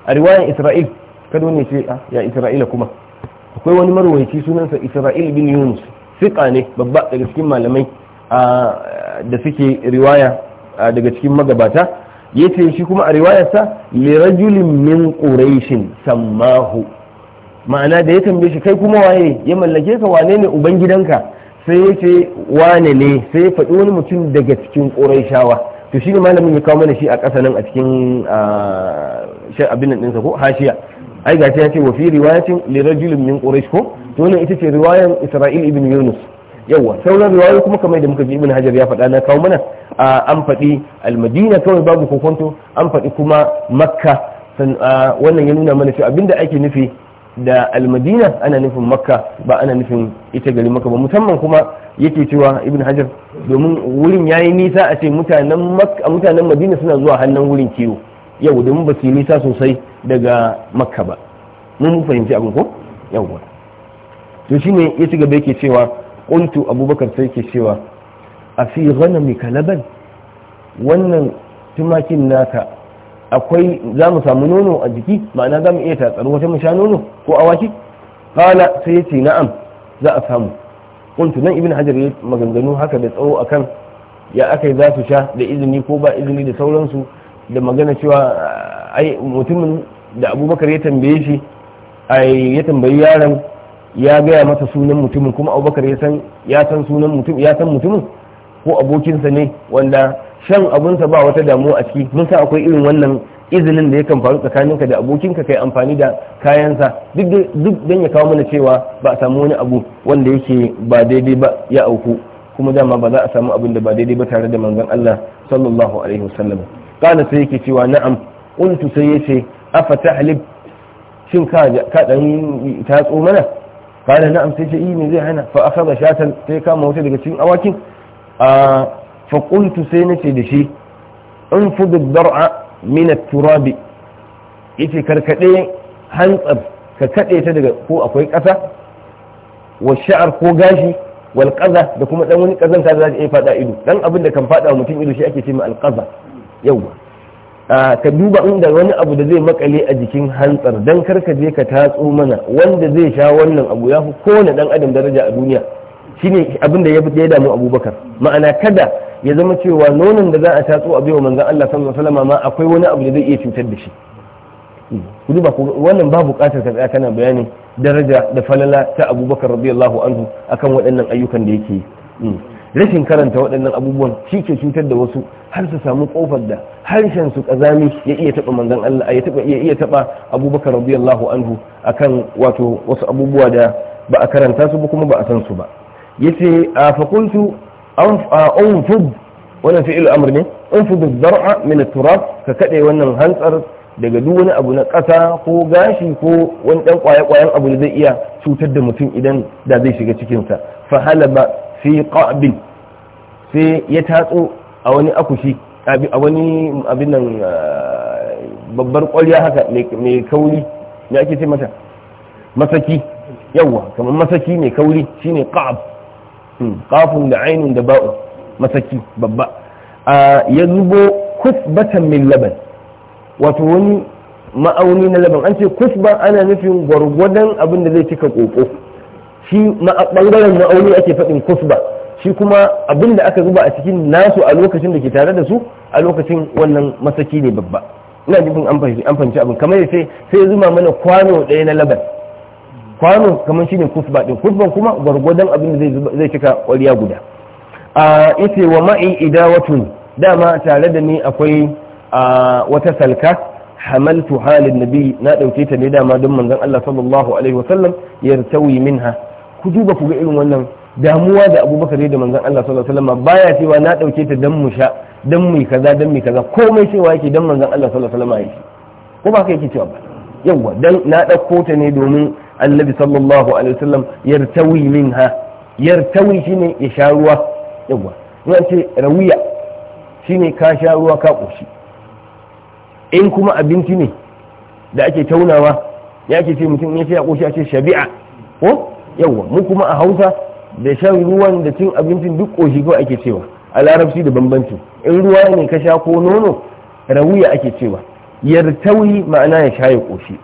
a riwayan isra'il kada wani ce ah, ya isra'ila kuma akwai wani marwayaci sunansa isra'il bin yunus fiqa ne babba daga cikin malamai da suke riwaya daga cikin magabata yace shi kuma a riwayarsa li rajulin min quraishin sammahu ma'ana da ya tambaye shi kai kuma waye ya mallake ka wane ne ubangidanka sai ya ce wane ne sai ya faɗi wani mutum daga cikin ƙuraishawa to shi ne malamin ya kawo mana shi a ƙasa nan a cikin abin ɗinsa ko hashiya ai ga ya ce wafi fi riwayatin li min quraish ko to ne ita ce riwayan isra'il ibn yunus yawa sauran riwayoyi kuma kamar da muka ji ibn hajar ya faɗa na kawo mana an faɗi almadina kawai babu kokonto an faɗi kuma makka wannan ya nuna mana cewa abinda ake nufi da almadina ana nufin makka ba ana nufin ita gari makka ba musamman kuma yake cewa ibn hajar domin wurin ya yi nisa a ce mutanen madina suna zuwa hannun wurin kiwo yau domin ba su yi nisa sosai daga makka ba mun fahimci abin ko ba to shi ne ya ci gaba yake cewa ƙuntu abubakar sai ke cewa a fi ghanamika laban wannan tumakin naka akwai za mu samu nono a jiki ma'ana za mu iya tatsar wata mu sha nono ko awaki kala sai ya ce na'am za a samu kuntu nan ibn hajar ya maganganu haka da tsawo akan ya aka yi za su sha da izini ko ba izini da sauransu da magana cewa ai mutumin da abubakar ya tambaye shi ai ya tambayi yaron ya gaya masa sunan mutumin kuma abubakar ya san sunan ya san mutumin ko abokinsa ne wanda shan abunsa ba wata damuwa a ciki mun san akwai irin wannan izinin da yakan faru tsakaninka da abokinka kai amfani da kayansa duk don ya kawo mana cewa ba a samu wani abu wanda yake ba daidai ba ya auku kuma dama ba za a samu abin da ba daidai ba tare da manzon Allah sallallahu alaihi wasallam kana sai yake cewa na'am qultu sai yace afa tahlib shin ka ka dan tso mana kana na'am sai ce eh me zai hana fa akhadha shatan sai kama wata daga cikin awakin a ah, faƙultu sai na ce da shi in fudu dar'a mina turabi yace karkaɗe hantsar ka kaɗe ta daga ko akwai ƙasa wa sha'ar ko gashi wal da kuma ɗan wani ƙazan ka za iya faɗa ido ɗan abin da kan faɗa mutum ido shi ake ce ma al yauwa ka duba inda wani abu da zai makale a jikin hantsar dan karka je ka tatso mana wanda zai sha wannan abu ya fi kowane dan adam daraja a duniya shine abin da ya damu abubakar ma'ana kada ya zama cewa nonon da za a tatso a baiwa manzan Allah sallallahu alaihi ma akwai wani abu da zai iya cutar da shi ku duba wannan ba buƙatar ka tsaya kana bayanin daraja da falala ta Abubakar radiyallahu anhu akan waɗannan ayyukan da yake yi hmm. rashin karanta waɗannan abubuwan shi ke cutar da wasu har su samu kofar da harshen su kazami ya iya taɓa manzan Allah ya taɓa ya iya taɓa Abubakar radiyallahu anhu akan wato wasu abubuwa da ba a karanta su ba kuma ba a san su ba yace a fakultu anfud wannan fi'il amr ne anfud ad-dar'a min at-turab ka kade wannan hantsar daga duk wani abu na ƙasa ko gashi ko wani ɗan ƙwaye-ƙwayen abu da zai iya cutar da mutum idan da zai shiga cikinsa fa halaba fi qabil sai ya tatso a wani akushi a wani abin nan babbar ƙwarya haka mai kauri ne ake ce mata masaki yawa kamar masaki mai kauri shine qab kafin hmm. da ainihin da ba'u masaki babba ya zubo kusbatan min laban wato wani ma'auni na laban an ce kusba ana nufin gwargwadon abin da zai cika koko shi bangaren ma'auni ake faɗin kusba shi kuma abin da aka zuba a cikin nasu a lokacin da ke tare da su a lokacin wannan masaki ne babba ina nufin an fahimci abin kamar ya sai zuma mana kwano ɗaya na laban kwano kamar shine kusba din kusban kuma gwargwadon abin da zai cika kwariya guda a ita wa ma'i idawatun dama tare da ni akwai wata salka hamaltu halin nabi na dauke ta ne dama don manzon Allah sallallahu alaihi wasallam ya min minha ku duba ku ga irin wannan damuwa da abubakar da manzon Allah sallallahu alaihi wasallam baya cewa na dauke ta dan mu dan mu kaza dan mu kaza komai cewa yake dan manzon Allah sallallahu alaihi wasallam yake ko ba ka yake cewa ba yawa dan na dauko ta ne domin annabi sallallahu alaihi wasallam yartawi minha yartawi shine ya sha ruwa yawa yana ce rawiya shine ka sha ruwa ka koshi in kuma abinci ne da ake taunawa ya ce ce mutum ya ce ya koshi a ce shabi'a ko yawa mu kuma a hausa da shan ruwan da cin abincin duk koshi ko ake cewa a larabci da bambanci in ruwa ne ka sha ko nono rawiya ake cewa yartawi ma'ana ya sha ya koshi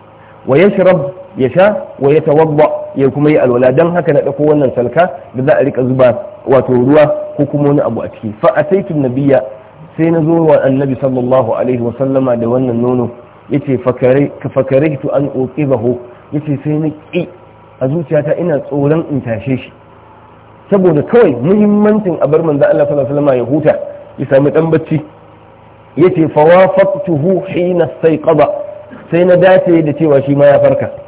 wa yashrab ya sha wa ya tawabba ya kuma yi alwala dan haka na ɗauko wannan salka da za a rika zuba wato ruwa ko kuma wani abu a ciki fa ataitu nabiya sai na zo wa annabi sallallahu alaihi wa sallama da wannan nono ya ce ka fakare tu an ya ce sai na ƙi a zuciyata ina tsoron in tashe shi saboda kawai muhimmancin abar manzo Allah sallallahu alaihi wa ya huta ya sami dan bacci yace fawafaqtuhu hina kaba sai na dace da cewa shi ma ya farka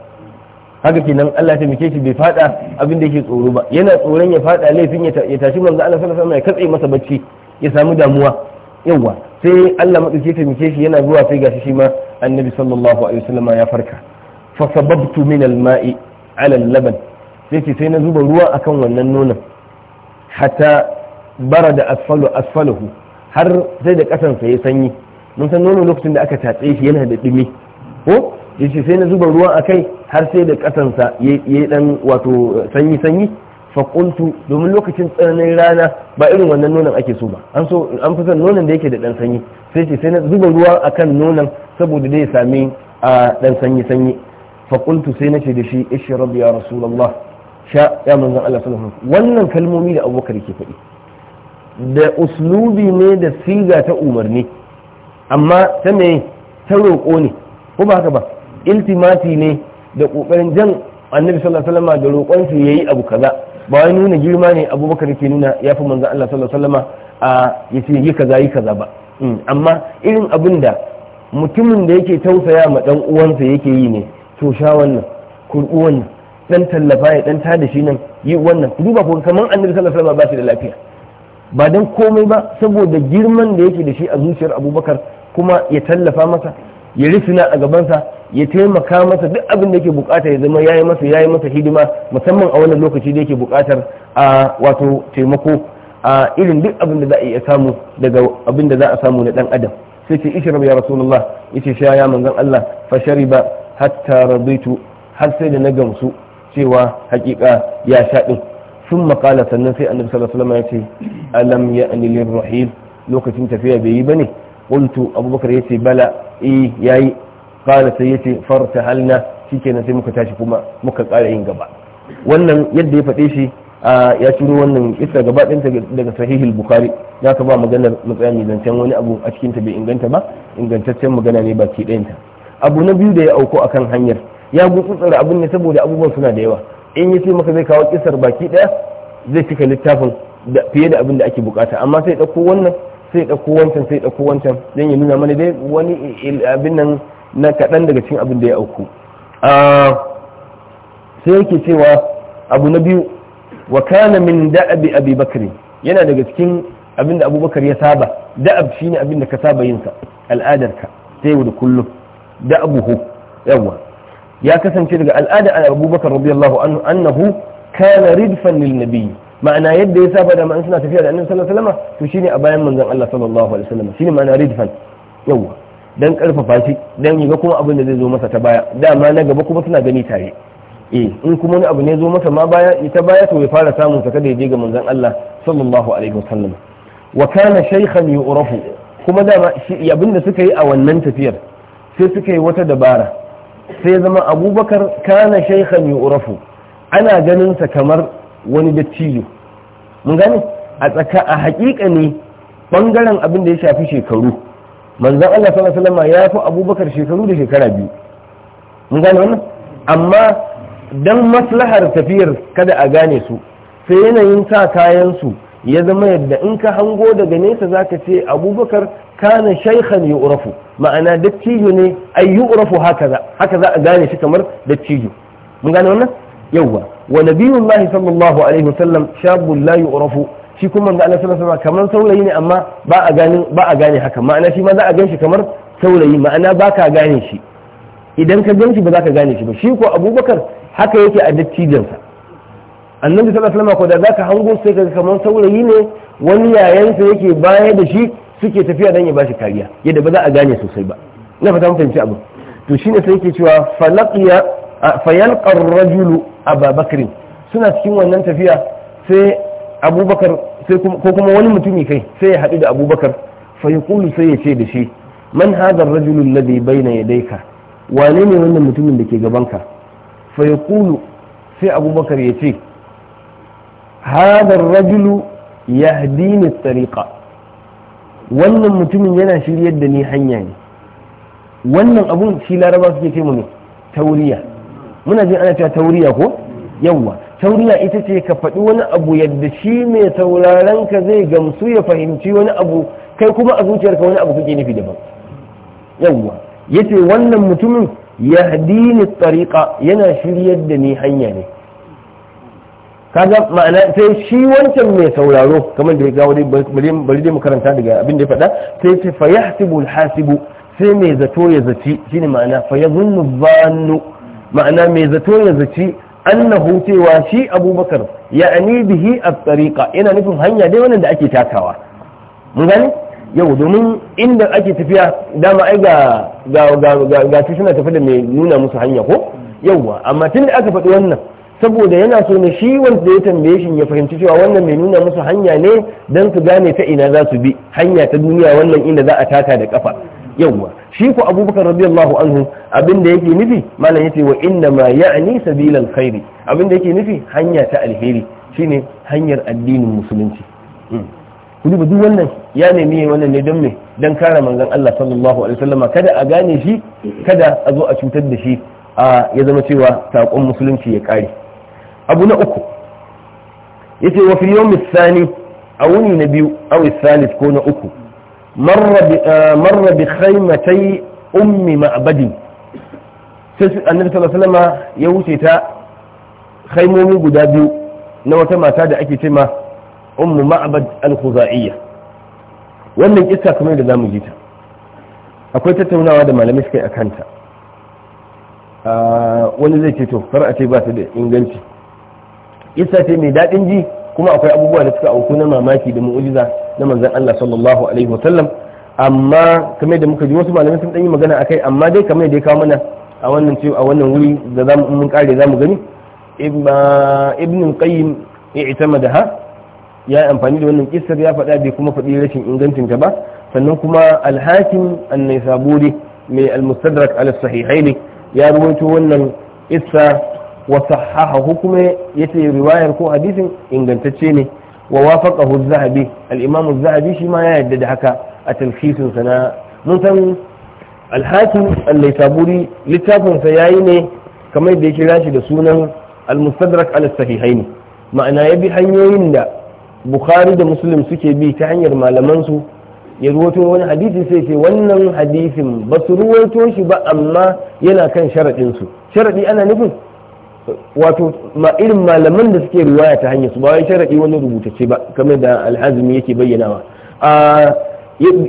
haka kenan Allah ya taimake shi bai fada abin da yake tsoro ba yana tsoron ya fada laifin ya tashi manzo Allah sallallahu alaihi ya katse masa bacci ya samu damuwa yawa sai Allah madauke taimake shi yana zuwa sai gashi shi ma annabi sallallahu alaihi wasallam ya farka fa sababtu min al-ma'i ala al-laban sai ce sai na zuba ruwa akan wannan nonon hatta barada asfalu asfaluhu har sai da kasan sa ya sanyi mun san nono lokacin da aka tatse shi yana da dumi ko yace sai na zuba a kai har sai da katansa yayi dan wato sanyi sanyi fa qultu domin lokacin tsananin rana ba irin wannan nonon ake so ba an so an fi son nonon da yake da dan sanyi sai ce sai na zuba ruwa akan nonon saboda dai sami a dan sanyi sanyi fa qultu sai nace da shi ishrab ya rasulullah sha ya manzon Allah sallallahu alaihi wasallam wannan kalmomi da Abubakar ke faɗi da uslubi ne da siga ta umarni amma ta me ta roƙo ne ko ba haka ba iltimasi ne da kokarin jan annabi sallallahu alaihi wasallam da roƙon shi yayi abu kaza ba wai nuna girma ne abubakar ke nuna ya fi manzo Allah sallallahu alaihi wasallam a yace yi kaza yi kaza ba hmm. amma irin abin da mutumin da yake tausaya ma dan uwansa yake yi ne to sha wannan kurbu wannan dan tallafa ya dan da shi nan yi wannan duba ko kaman annabi sallallahu alaihi wasallam ba shi da lafiya ba dan komai ba saboda girman da yake da shi a zuciyar abubakar kuma ya tallafa masa ya rufina a gabansa ya taimaka masa duk abin da yake bukata ya zama yayi masa yayi masa hidima musamman a wannan lokaci da yake bukatar a wato taimako a irin duk abin da za a iya samu daga abin da za a samu na dan adam sai ce ishrab ya rasulullah yace sha ya manzon Allah fa shariba hatta raditu har sai da na gamsu cewa hakika ya sha din sun makala sannan sai annabi sallallahu alaihi wasallam ya ce alam ya anil rahim lokacin tafiya bai yi ba bane qultu abubakar yace bala eh yayi qala sai yace fartahalna shikenan sai muka tashi kuma muka kara yin gaba wannan yadda ya faɗe shi ya ciro wannan kissa gaba ɗinta daga sahihul bukhari ya ka ba maganar matsayin mai zancen wani abu a cikin ta bai inganta ba ingantaccen magana ne baki ta abu na biyu da ya auko akan hanyar ya gutsutsura abin ne saboda abubuwan suna da yawa in ya ce maka zai kawo kisar baki ɗaya zai cika littafin fiye da abin da ake bukata amma sai ɗauko wannan sai ɗauko wancan sai ɗauko wancan dan ya nuna mana dai wani abin nan na kaɗan daga cikin abin da ya auku sai yake cewa abu na biyu wa kana min da'abi abi bakari yana daga cikin abin da abubakar ya saba da'ab ne abin da ka saba yin sa al'adarka ta yau da kullum da'abuhu yawa ya kasance daga al'adar abubakar radiyallahu anhu annahu kana ridfan lil nabi ma'ana yadda ya saba da ma'an suna tafiya da annabi sallallahu alaihi wasallam to shine a bayan manzon Allah sallallahu alaihi wasallam shine ma'ana ridfan yawa dan karfafa shi dan yi ga kuma abin da zai zo masa ta baya dama na gaba kuma suna gani tare eh in kuma wani abu ne zo masa ma baya ita baya to ya fara samun sa kada ya je ga manzon Allah sallallahu alaihi wasallam wa kana shaykhan yu'rafu kuma dama abin da suka yi a wannan tafiyar sai suka yi wata dabara sai zama abubakar kana shaykhan yu'rafu ana ganin sa kamar wani dattijo mun gane a tsaka a haƙiƙa ne bangaren abin da ya shafi shekaru manzon Allah sallallahu alaihi wasallam ya fi abubakar shekaru da shekara biyu mun gane wannan amma dan maslahar tafiyar kada a gane su sai yanayin sa kayan su ya zama yadda in ka hango daga nesa zaka ce abubakar kana shaykhan yu'rafu ma'ana dattijo ne ay yu'rafu hakaza haka za a gane shi kamar dattijo mun gane wannan yawwa wa nabiyullahi sallallahu alaihi wasallam shabun la yu'rafu shi kuma manzo Allah sallallahu alaihi kamar saurayi ne amma ba a gane ba a gani haka ma'ana shi ma za a ganshi kamar saurayi ma'ana ba ka gane shi idan ka ganshi ba za ka gane shi ba shi ko Abubakar haka yake a dattijansa annabi sallallahu alaihi ko da zaka hango sai ka kamar saurayi ne wani yayansa yake baya da shi suke tafiya dan ya bashi kariya yadda ba za a gane sosai ba na fata mun fahimci abu to shine sai yake cewa falaqiya fayalqa ar-rajulu Abubakar suna cikin wannan tafiya sai abubakar ko kuma wani mutumi kai sai ya haɗu da abubakar fa sai ya ce da shi man hadha ar bai na ya daika wane ne wannan mutumin da ke gabanka fa sai abubakar ya ce hadar ar-rajulu yahdini at tsariƙa wannan mutumin yana shiryar da ni hanya ne wannan abun shi laraba suke ce mu ne tauriya muna jin ana cewa tauriya ko yawwa tauriya ita ce ka faɗi wani abu yadda shi mai sauraron ka zai gamsu ya fahimci wani abu kai kuma a zuciyarka wani abu kake nufi daban yawwa yace wannan mutumin ya yahdini tariqa yana shiryar da ni hanya ne kaga ma'ana sai shi wancan mai sauraro kamar da ya gawo bari dai mu karanta daga abin da ya faɗa sai ce fa yahsibu hasibu sai mai zato ya zaci shine ma'ana fa yazunnu zannu ma'ana mai zato ya zaci annahu cewa shi abubakar ya ani bihi a tsariƙa yana nufin hanya dai wannan da ake takawa mun gani yau domin inda ake tafiya dama ai ga ga ga ga ga suna tafi da mai nuna musu hanya ko yauwa amma tun da aka faɗi wannan saboda yana so ne shi wanda ya tambaye shi ya fahimci cewa wannan mai nuna musu hanya ne don su gane ta ina za su bi hanya ta duniya wannan inda za a taka da kafa yawwa shi ko abubakar radiyallahu anhu abin da yake nufi malam yace wa inna ma ya'ni sabilal khairi abin da yake nufi hanya ta alheri shine hanyar addinin musulunci hmm. ku duba duk wannan ya nemi wannan ne don me don kare manzon Allah sallallahu alaihi wasallam kada a gane shi kada a zo a cutar da shi a ya zama cewa sakon musulunci ya kare abu na uku yace wa fi yawmi thani a wuni na biyu aw thalith ko na uku marra bi eh, khaimatai ummi ma'abadin sai annabi sallallahu alaihi wasallam ya wuce ta khaimomi guda biyu na wata mata da ake cema ummu ma'abad al-khuza'iyya wannan kissa kamar da zamu ji ta akwai tattaunawa da malamai suka yi a kanta ah, wani zai ce to fara a ce ba ta da inganci kissa ce mai daɗin ji kuma akwai abubuwa da suka auku na mamaki da mu'ujiza na manzon Allah sallallahu alaihi wasallam amma kamar da muka ji wasu malamai sun yi magana akai amma dai kamar da ya kawo mana a wannan a wannan wuri da zamu mun kare za mu gani ibn qayyim ha ya amfani da wannan kissar ya faɗa bai kuma faɗi rashin ta ba sannan kuma alhakim annaisaburi mai almustadrak ala sahihaini ya rubuto wannan kissa wa sahahahu ya sayi riwayar ko hadisin ingantacce ne wa wafaqahu az-zahabi al zahabi shi ma ya yadda da haka a talkhisin sa na mun san al-hakim al-laysaburi yayi ne kamar da ya kira shi da sunan al-mustadrak al-sahihaini ma'ana ya bi hanyoyin da bukhari da muslim suke bi ta hanyar malaman su ya ruwato wani hadisi sai ce wannan hadisin ba su ruwato shi ba amma yana kan sharaɗin su sharaɗi ana nufin wato ma irin malaman da suke riwaya ta hanyar su ba wai sharadi wani rubutacce ba kamar da al'azumi yake bayyanawa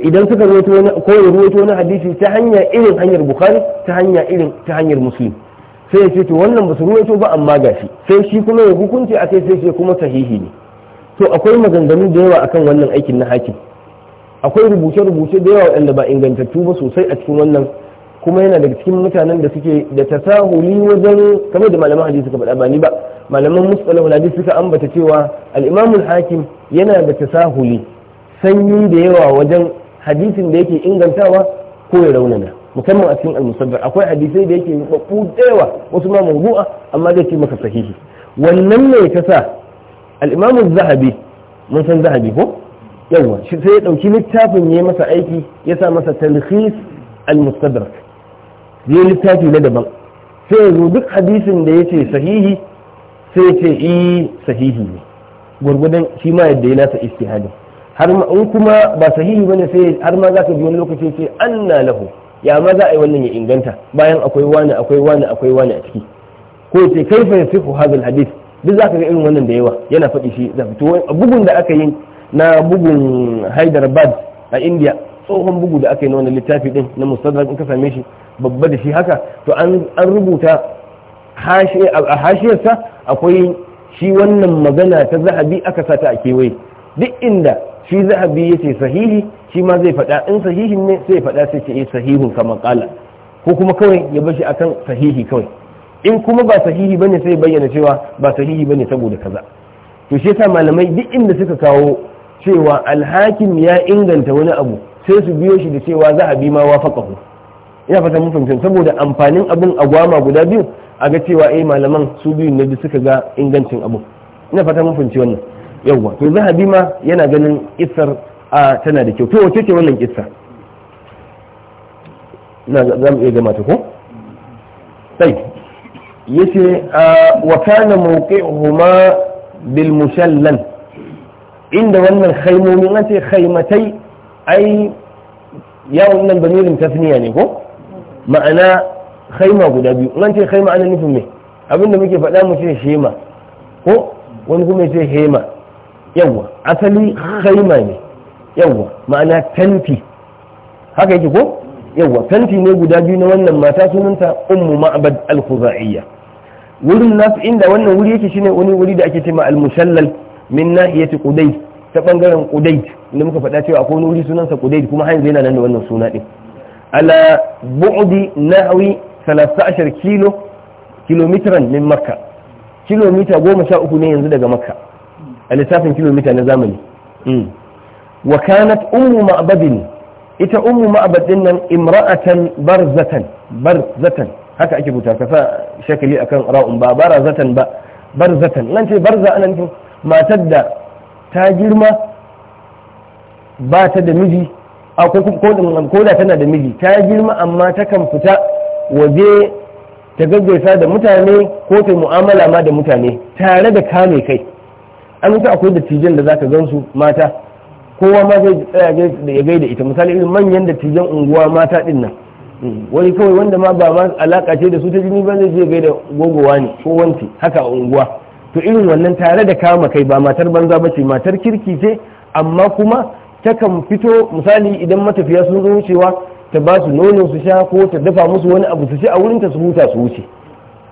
idan suka rubuta wani ko ya rubuta wani hadisi ta hanya irin hanyar bukhari ta hanya irin ta hanyar muslim sai ya ce to wannan ba su rubuta ba amma gashi sai shi kuma ya hukunci a kai sai shi kuma sahihi ne to akwai maganganu da yawa akan wannan aikin na hakim akwai rubuce-rubuce da yawa waɗanda ba ingantattu ba sosai a cikin wannan kuma yana daga cikin mutanen da suke da tasahuli wajen kamar da malaman hadisi suka faɗa ba ni ba malaman musallahu hadisi suka ambata cewa al hakim yana da tasahuli sanyi da yawa wajen hadisin da yake ingantawa ko ya raunana musamman a cikin al akwai hadisai da yake babbu da yawa wasu ma mawdu'a amma zai ce maka sahihi wannan ne ta sa al zahabi mun san zahabi ko yawa sai ya dauki littafin ya masa aiki ya sa masa talhis al ya littafi na daban sai yanzu duk hadisin da ya ce sahihi sai ya ce i eh, sahihi ne gwargwadon shi ma yadda ya nasa istihadi har ma in kuma ba sahihi bane sai har ma za ka wani lokaci sai na lahu ya ma za a yi wannan ya inganta bayan akwai wani akwai wani akwai wani a ciki ko ce kaifa yasihu hadal hadis duk za ka ga irin wannan da yawa yana faɗi shi za fito bugun da aka yi na bugun Hyderabad a India tsohon bugu da aka yi na wani littafi din na mustadrak in ka same shi babba da shi haka to an rubuta a hashiyarsa akwai shi wannan magana ta zahabi aka sata a kewaye duk inda shi zahabi ya ce sahihi shi ma zai faɗa in sahihin ne sai faɗa sai ce eh, sahihun kamar ko kuma kawai ya bashi akan sahihi kawai in kuma ba sahihi bane sai bayyana cewa ba sahihi bane saboda kaza to shi yasa malamai duk inda suka kawo cewa alhakim ya inganta wani abu sai su biyo shi da cewa za a bi ma ina fata mun fahimta saboda amfanin abun agwama guda biyu a ga cewa eh malaman su biyun na suka ga ingancin abun ina fata mun fahimci wannan yawwa to zahabi ma yana ganin kissar a tana da kyau to wace ce wannan kissa na za mu iya gama ta ko sai yace wa kana mawqi'uhuma bil mushallal inda wannan khaymomin an ce khaymatai ai yawon nan damirin tasniya ne ko ma'ana haima guda biyu Wannan ce haima ana nufin me abinda muke faɗa mu ce shema ko wani kuma ce hema yawwa asali haima ne yawwa ma'ana tanti haka yake ko yawwa tanti ne guda biyu na wannan mata sunanta ummu ma'bad al-khuzaiya wurin nas inda wannan wuri yake shine wani wuri da ake cewa al-mushallal min nahiyati qudayt ta bangaren qudayt inda muka faɗa cewa akwai wuri sunansa kudaid kuma hanyar yana nan da wannan suna din ala bu'di nahwi 13 kilo kilometran min makka kilomita goma sha uku ne yanzu daga makka a lissafin kilomita na zamani mm. wa kanat ummu ma'badin ita ummu ma'bad nan imra'atan barzatan barzatan haka ake buta ka sa shakali akan ra'un ba barazatan ba barzatan nan ce barza anan matan da ta girma ba ta da miji ko da tana da miji ta girma amma takan fita waje ta gaggaisa da mutane ko ta mu'amala ma da mutane tare da kame kai an ta akwai dattijan da zaka gansu mata kowa ma zai tsaya da ya gaida ita misali irin manyan dattijan unguwa mata din nan wani kawai wanda ma ba ma alaka ce da su ta jini ba zai je gaida gogowa ne ko wanti haka a unguwa to irin wannan tare da kama kai ba matar banza ba ce matar kirki ce amma kuma takan fito misali idan matafiya sun zo wucewa ta ba su nono su sha ko ta dafa musu wani abu su ci a wurinta su huta su wuce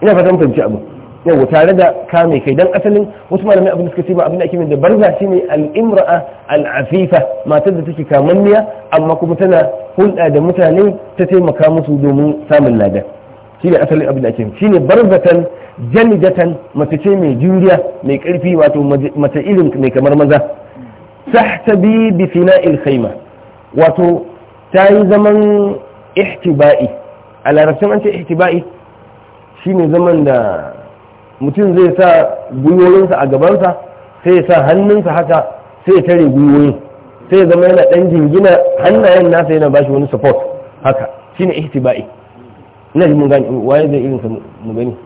ina fatan fahimci abu yau tare da kame kai dan asalin wasu malamai abin da suka ce ba abin da ake min da barza shine al-imra'a al-afifa matar da take kamanniya amma kuma tana hulɗa da mutane ta taimaka musu domin samun lada shine asalin abin da ake min shine barzatan janijatan mace ce mai juriya mai karfi wato mace ilim mai kamar maza tahtabi bi fina'il khayma wato ta yi zaman ihtiba'i a larabcin an ce ihtiba'i shine zaman da mutum zai sa gwiwoyinsa a gabansa sai ya sa hannunsa haka sai ya tare gwiwoyin sai zama yana dan jingina hannayen nasa yana bashi wani support haka shine ihtiba'i ina mun gani waye zai irin sa mu gani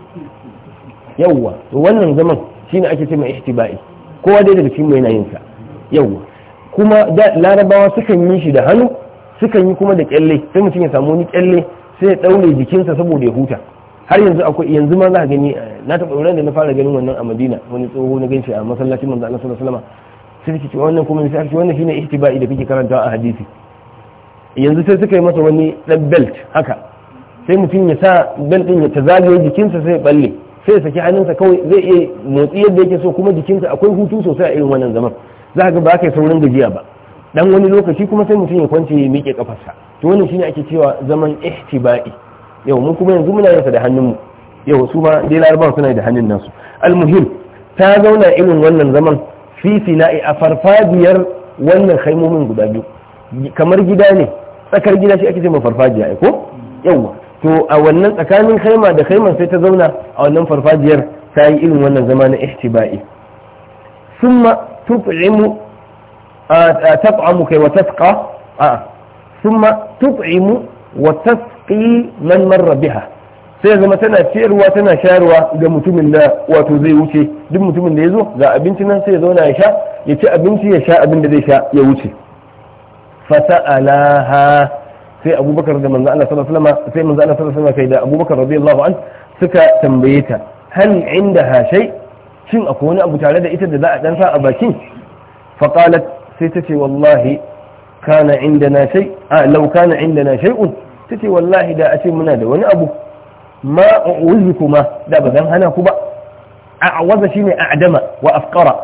yawwa to wannan zaman shine ake cewa ihtiba'i kowa dai daga cikin mai yana yin sa yau kuma larabawa sukan yi shi da hannu sukan yi kuma da kyalle sai mutum ya samu wani kyalle sai ya daure jikinsa saboda ya huta har yanzu akwai yanzu ma za a gani na taɓa wurin da na fara ganin wannan a Madina wani tsoho na ganshi a masallacin manzo Allah sallallahu alaihi wasallam sai kike wannan kuma sai kike wannan shine ihtibai da kike karantawa a hadisi yanzu sai suka yi masa wani dan belt haka sai mutum ya sa belt din ya tazagaye jikinsa sai ya balle sai ya saki hannunsa kawai zai iya motsi yadda yake so kuma jikinsa akwai hutu sosai a irin wannan zaman za ga ba ka saurin gajiya ba dan wani lokaci kuma sai mutum ya kwance ya miƙe kafarsa to wannan shine ake cewa zaman ihtiba'i yau mun kuma yanzu muna yin da da hannunmu yau su ma dai larabawa suna da hannun nasu almuhim ta zauna irin wannan zaman fi sina'i a farfajiyar wannan haimomin guda biyu kamar gida ne tsakar gida shi ake cewa farfajiya ko yauwa to a wannan tsakanin haima da haiman sai ta zauna a wannan farfajiyar ta yi irin wannan zama na ihtiba'i summa تطعم آه، آه، تطعمك كي وتسقى آه، ثم تطعم وتسقي من مر بها سيزم تنا شيروا تنا شاروا ده متوم الله وتوزي وشي ده متوم اللي يزو ذا أبنتنا سيزونا يشاء يشاء أبنتي يشاء أبن ده يشاء يوشي فسألها سي أبو بكر رضي الله عنه صلى الله عليه وسلم سي من زال صلى الله عليه وسلم سيدا أبو بكر رضي الله عنه سكى تنبيتها هل عندها شيء shin akwai wani abu tare da ita da za a dan sa a bakin faqalat sai ta ce wallahi kana inda na shai. a law kana indana shay'un ta ce wallahi da a ce muna da wani abu ma uzi kuma da ba zan hana ku ba a waza a a'dama wa Afkara.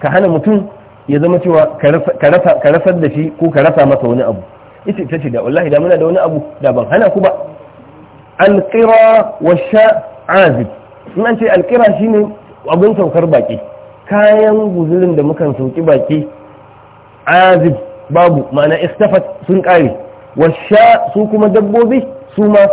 ka hana mutum ya zama cewa ka rasar da shi ko ka rasa masa wani abu ita ta ce da wallahi da muna da wani abu da ban hana ku ba alƙira wa sha'azib in an ce alƙira ne. abin saukar baki kayan guzurin da mukan sauki baki azib babu ma'ana istafat sun kare washa su kuma dabbobi su ma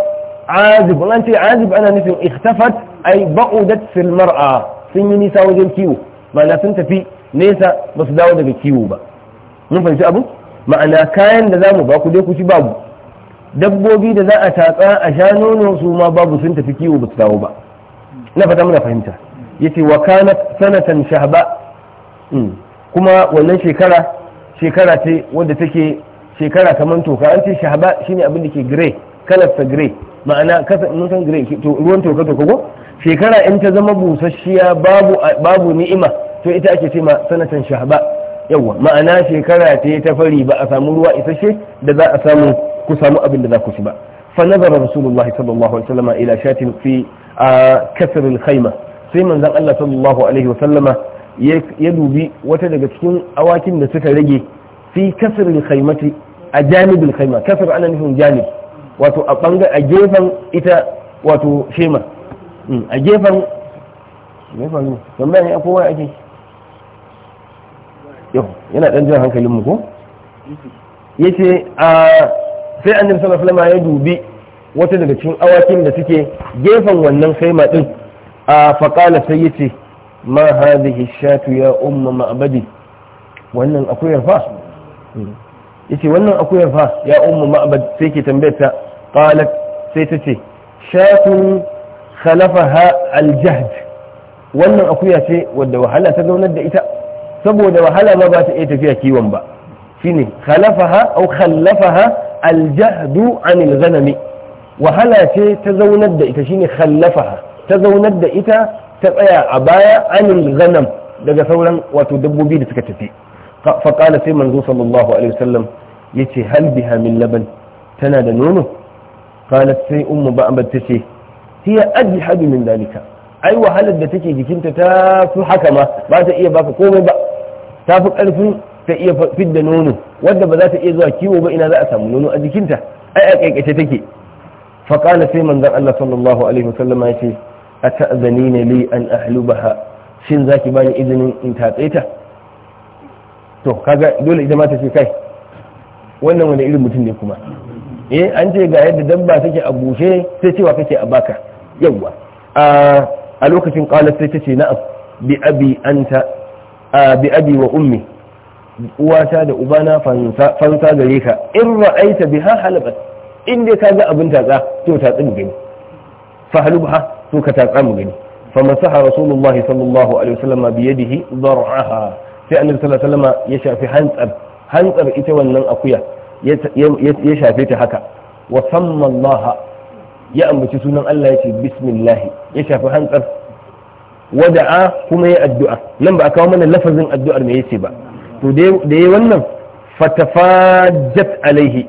azib an ce azib ana nufin istafat ai ba'udat fil mar'a sun yi nisa wajen kiwo ma'ana sun tafi nesa ba su dawo daga kiwo ba mun fahimci abu ma'ana kayan da zamu ba ku dai ku ci babu dabbobi da za a tatsa a sha nono su ma babu sun tafi kiwo ba su dawo ba na fata muna fahimta yace wa kanat sanatan shahba mm. kuma wannan shekara shekara ce wanda take shekara kamar toka an ce shahaba shine abin da ke gray kalar ta gray ma'ana kasa mun san gray to ruwan toka to ko shekara in ta zama busasshiya babu babu ni'ima to ita ake ce ma sanatan shahaba yawa ma'ana shekara ce ta fari ba a samu ruwa isasshe da za a samu ku samu abin da za ku ci ba fa nazara rasulullahi sallallahu alaihi wasallam ila shatin fi kasr al-khayma sai manzan Allah sallallahu alaihi wasallama ya dubi wata daga cikin awakin da suka rage fi kasril khaimati a janibin khaima kasar ana nufin janib wato a banga a gefen ita wato shema hmm, a gefen gefen tambaya ne akwai ake yau yana dan jan hankalin mu ko ce a sai annabi sallallahu alaihi wasallam ya dubi wata daga cikin awakin da suke gefen wannan khaima din a faƙala sai ya ce ma hadhihi shatu ya umma ma'abadi wannan akuyar fa yace wannan akuyar fa ya umma ma'abad sai ke tambayar ta qalat sai ta ce shatun khalafaha aljahd wannan akuya ce wadda wahala ta zaunar da ita saboda wahala ma ba ta iya tafiya kiwon ba shine khalafaha au khallafaha aljahdu anil ghanami wahala ce ta zaunar da ita shine khalafaha. ta zaunar da ita ta tsaya a baya anil ganam daga sauran wato dabbobi da suka tafi faƙala sai manzo sallallahu alaihi wasallam ya ce hal biha min laban tana da nono qalat sai ummu ba'abat ta ce hiya ajhadu min dalika ai wahalar da take jikinta ta fi haka ma ba ta iya baka komai ba ta fi karfin ta iya fidda nono wadda ba za ta iya zuwa kiwo ba ina za a samu nono a jikinta ai a kaikace take faƙala sai manzon Allah sallallahu alaihi wasallam ya ce a ta'azani ne li an ahlubaha shin ki bani izinin in tatse ta to kaga dole ita ma ta ce kai wannan wani irin mutum ne kuma eh an ce ga yadda dabba take a bushe sai cewa kake a baka yawwa a lokacin qalat sai ce na bi abi anta bi abi wa ummi uwata da ubana fansa gare ka in ra'aita biha halabat in dai ka ga abin tatsa to ta mu gani fa halubha suka ka tatsa mu gani fa masaha rasulullahi sallallahu alaihi wasallam bi yadihi dar'aha sai annabi sallallahu alaihi wasallam ya shafi hantsar hantsar ita wannan akuya ya shafe ta haka wa sammallaha ya ambaci sunan Allah ya ce bismillah ya shafi hantsar wada'a kuma ya addu'a nan ba a kawo mana lafazin addu'ar me yace ba to da yayi wannan fatafajjat alaihi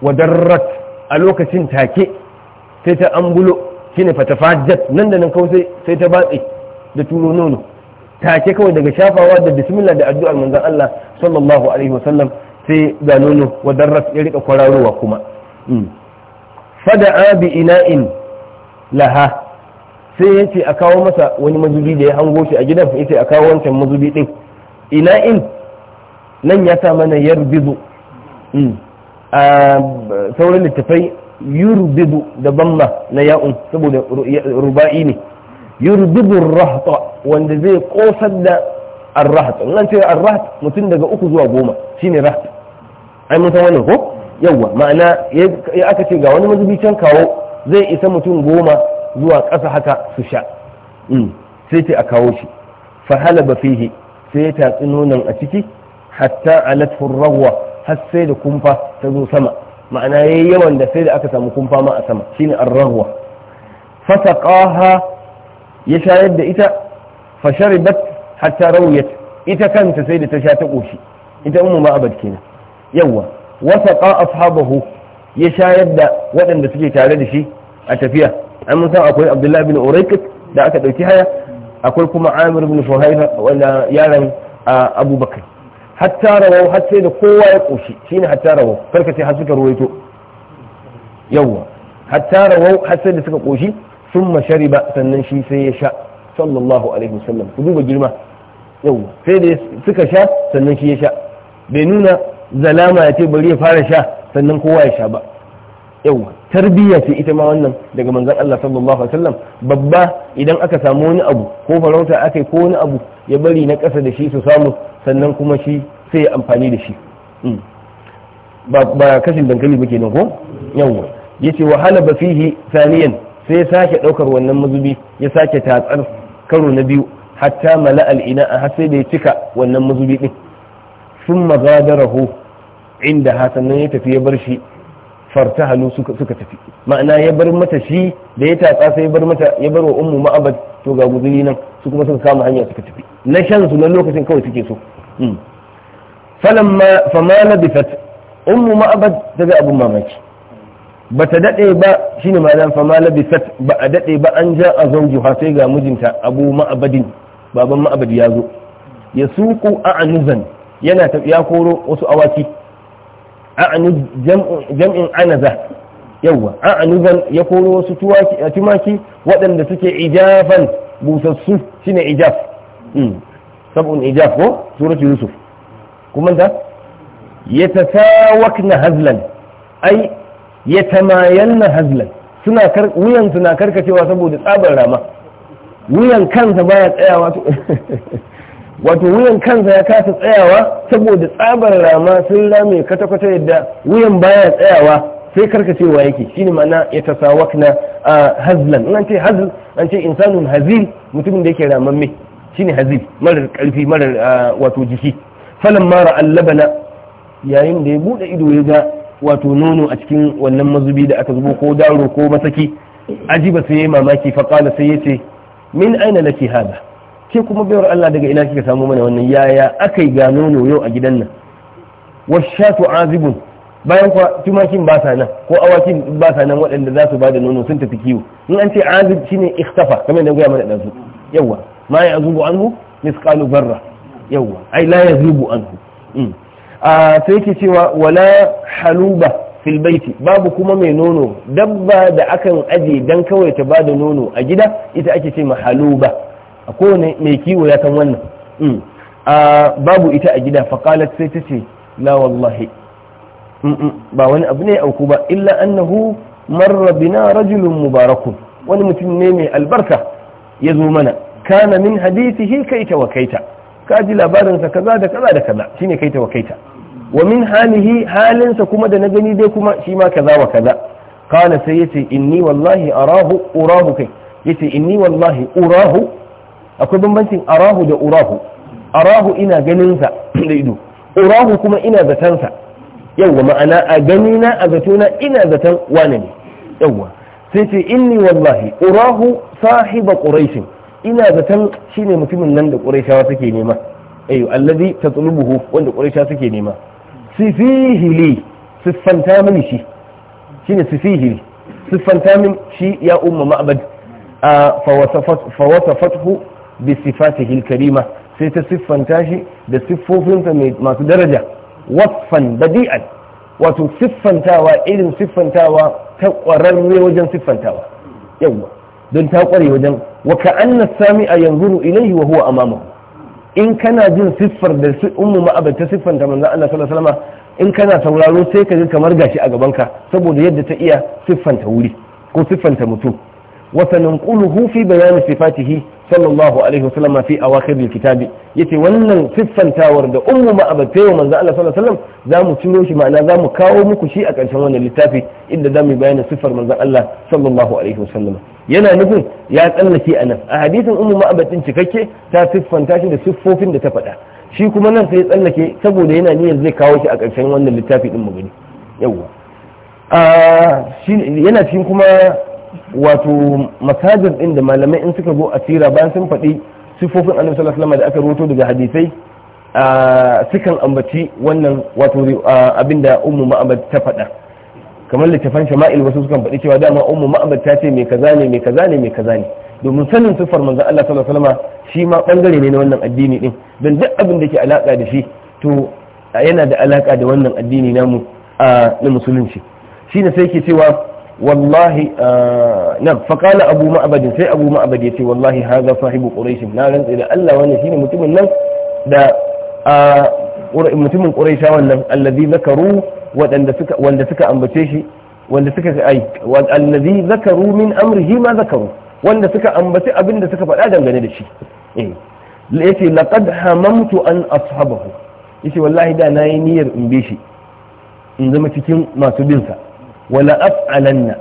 wa darrat a lokacin take sai ta ambulo shine fatafajat nan da nan kawai sai ta batse da turo nono take kawai daga shafawa da bismillah da addu'ar manzon Allah sallallahu alaihi wasallam sai ga nono darras ya rika kwararowa kuma hmm. fada'a bi ina'in laha sai ya ce a kawo masa wani mazubi da ya hango shi a gidan ya ce a kawo wancan mazubi din ina'in nan ya sa mana yarbizu hmm. a sauran littafai yurbibu da bamma na ya'un saboda ruba'i ne yurbibu rahta wanda zai kosar da arrahta nan ce arrahat mutum daga uku zuwa goma shine rahat ai mun san wannan ko yawa ma'ana ya aka ce ga wani mazubi can kawo zai isa mutum goma zuwa ƙasa haka su sha mm, sai ce a kawo shi ba fihi sai ya tatsi nonon a ciki hatta alat rawa har sai da kumfa ta zo sama ma'ana yayi yawan da sai da aka samu kumfama a sama shine ar-rahwa fasaqaha ya shayar da ita fasharibat hatta rawiyat ita kanta sai da ta sha ta koshi ita ummu ma'abad kenan yawa wasaqa ashabahu ya shayar da waɗanda suke tare da shi a tafiya an mun san akwai abdullahi bin uraikit da aka ɗauki haya akwai kuma amir bin fuhaifa wanda yaran abubakar hatta rawau har da kowa ya koshi ne hatta rawau karka ce har suka ruwaito yawwa hatta rawau har da suka koshi summa ba sannan shi sai ya sha sallallahu alaihi wasallam ku duba girma yawwa sai da suka sha sannan shi ya sha bai nuna zalama ya ce bari ya fara sha sannan kowa ya sha ba yawwa tarbiyya ce ita ma wannan daga manzon Allah sallallahu alaihi wasallam babba idan aka samu wani abu ko farauta aka ko wani abu ya bari na ƙasa da shi su samu sannan kuma shi sai ya amfani da shi mm. ba kashin dankali ba ke nan ko yawwa ya ce wahala ba fihi saniyan sai ya sake ɗaukar wannan mazubi ya sake tatsar karo na biyu hatta mala al'ina a har da ya cika wannan mazubi ɗin sun raho inda hasannan ya tafi ya bar shi farta halu suka tafi ma'ana ya bar mata shi da ya tatsa sai ya bar mata ya bar wa ummu ma'abad to ga guzuri nan su kuma suka kama hanya suka tafi na shan su na lokacin kawai suke so Hmm. falamma fama labifat ummu ma'abad ta ga abun mamaki ba ta daɗe ba shine ma zan fama labisat ba a daɗe ba an ja a zauju ha sai ga mijinta abu ma'abadin baban ma'abadi ya zo ya suku a anuzan yana tafiya koro wasu awaki a anuz jam'in anaza yawwa a anuzan ya koro wasu tumaki waɗanda suke ijafan busassu shine ijaf hmm. sab'un ijaf ko suratu yusuf kuma da yatasawakna hazlan ai yatamayalna hazlan suna kar wuyan suna karkacewa saboda tsabar rama wuyan kansa baya tsayawa wato wuyan kansa ya kasa tsayawa saboda tsabar rama sun rame kwata-kwata yadda wuyan baya tsayawa sai karkacewa yake shine ma'ana ya tasawakna hazlan in an ce hazl an ce insanun hazil mutumin da yake ramamme shine hazib marar karfi marar ah, wato jiki falan mara allabana yayin da ya bude ido ya ga wato nono a cikin wannan mazubi da aka zubo ko daro ko masaki ajiba sai yayi mamaki fa qala sai yace min aina laki hada ke kuma bayar Allah daga ina kika samu mana wannan yaya yi ga nono yau a gidan nan washatu azibun bayan kuwa tumakin ba sa nan ko awakin ba sa nan waɗanda za ba da nono sun tafi kiwo in an ce azib shine ikhtafa kamar da gaya mana ɗansu yawa ma ya zubu anhu misqalu barra yawa mm. sai yake cewa wala haluba fil baiti babu kuma mai nono dabba da akan aje dan kawai ta bada nono a gida ita ake ce haluba a kowane mai kiwo ya san wannan mm. babu ita a gida faqalat sai ta ce la mm, ba wani abu ne auku ba illa annahu marra bina rajulun mubarakun wani mutum ne mai albarka ya zo mana kana min hadithihi kaita wa kaita ka ji labarinsa kaza da kaza da kaza shine kaita wa kaita wa min halihi halinsa kuma da na gani dai kuma shi ma kaza wa kaza kana sai yace inni wallahi arahu urahu kai yace inni wallahi urahu akwai bambancin arahu da urahu arahu ina ganinsa da ido urahu kuma ina zatansa yawwa ma'ana a gani na a zatona ina zatan wane ne yawwa sai ce inni wallahi urahu sahiba quraishin ina zaton shine mutumin nan da ƙurashawa suke nema ayu allazi tatlubuhu wanda quraishawa suke nema sifihi li siffanta mini shi shine sifihi siffanta min shi ya umma ma'bad fawasafathu bi sifatihi al sai ta siffanta shi da siffofinsa masu daraja wasfan badi'an wato siffantawa irin siffantawa ta ƙwararre wajen siffantawa yawwa don ta kware wajen wa ka'anna a yanzu ilaihi wa huwa amama in kana jin siffar da ummu ma'abata siffanta manzon Allah sallallahu alaihi wasallam in kana sauraro sai ka ji kamar gashi a gabanka saboda yadda ta iya siffanta wuri ko siffanta mutum وسننقله في بيان صفاته صلى الله عليه وسلم في اواخر الكتاب yace wannan siffantawar da ummu ma abatte wa manzo Allah sallallahu alaihi wasallam zamu cinyo shi ma'ana zamu kawo muku shi a ƙarshen wannan littafi inda zamu bayyana siffar manzo Allah sallallahu alaihi wasallam yana nufin ya tsallake a nan a hadisin ummu ma abatin cikakke ta siffanta shi da siffofin da ta faɗa shi kuma nan sai tsallake saboda yana niyyar zai kawo shi a ƙarshen wannan littafi din mu gani yana cikin kuma wato masajid din da malamai in suka zo a sira bayan sun faɗi sifofin annabi sallallahu alaihi da aka roto daga hadisai sukan ambaci wannan wato abinda ummu ma'abad ta faɗa kamar littafan shama'il wasu sukan faɗi cewa dama ummu ma'abad ta ce mai kaza ne mai kaza ne mai kaza ne domin sanin sifar manzon Allah sallallahu alaihi wasallam shi ma bangare ne na wannan addini din dan duk abin da ke alaka da shi to yana da alaka da wannan addini namu na musulunci shine sai ke cewa wallahi eh, na faƙala abu ma'abadin sai abu ma'abadi ya ce wallahi haza sahibu quraish na rantsa da Allah shi ne mutumin nan da eh, mutumin quraisha wannan allazi zakaru wanda suka ambace shi wanda suka ai allazi zakaru min amrihi ma zakaru wanda suka ambace abin da suka faɗa dangane da shi eh, ya ce laƙad hamamtu an ashabahu ce wallahi da na yi niyyar in bi shi in zama cikin masu binsa. sa wala af'alanna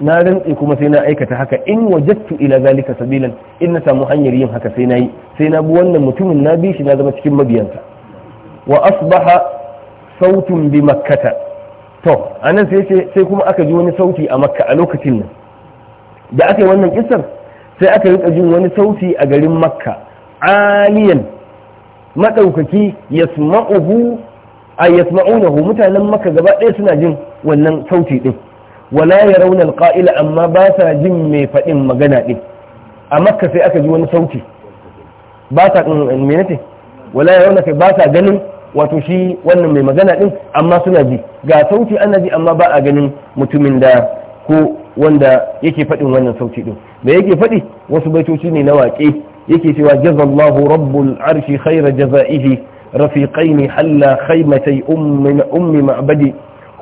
na rantsi kuma sai na aikata haka in wajattu ila zalika sabilan in na samu hanyar yin haka sai nayi sai na bi wannan mutumin na bi shi na zama cikin mabiyansa wa asbaha sautun bi makkata to anan sai sai kuma aka ji wani sauti a makka a lokacin nan da aka yi wannan kissar sai aka rika jin wani sauti a garin makka aliyan madaukaki yasma'uhu ay yasma'unahu mutanen maka gaba ɗaya suna jin wannan sauti din wala raunar qaila amma ba sa jin mai faɗin magana din a makka sai aka ji wani sauti ba sa mm, menene wala yarawna kai ba sa ganin wato shi wannan mai magana din amma suna ji ga sauti ana ji amma ba a ganin mutumin da ko wanda yake faɗin wannan sauti din me yake faɗi wasu baitoci ne na waƙe yake cewa jazallahu rabbul arshi khaira jaza'ihi رفيقين حلا خيمتي أم, أم معبدي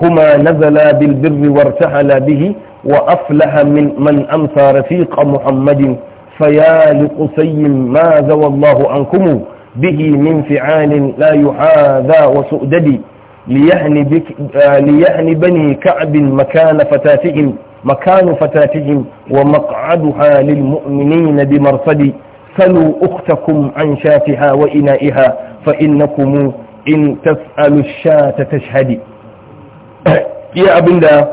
هما نزلا بالبر وارتحلا به وأفلح من من أمسى رفيق محمد فيا لقسي ما زوى الله عنكم به من فعال لا يحاذى وسؤدد ليهن, بك آه، ليهن بني كعب مكان فتاتهم مكان فتاتهم ومقعدها للمؤمنين بمرصد سلوا أختكم عن شاتها وإنائها fa innakum in tas'alu ta tashhadi iya abinda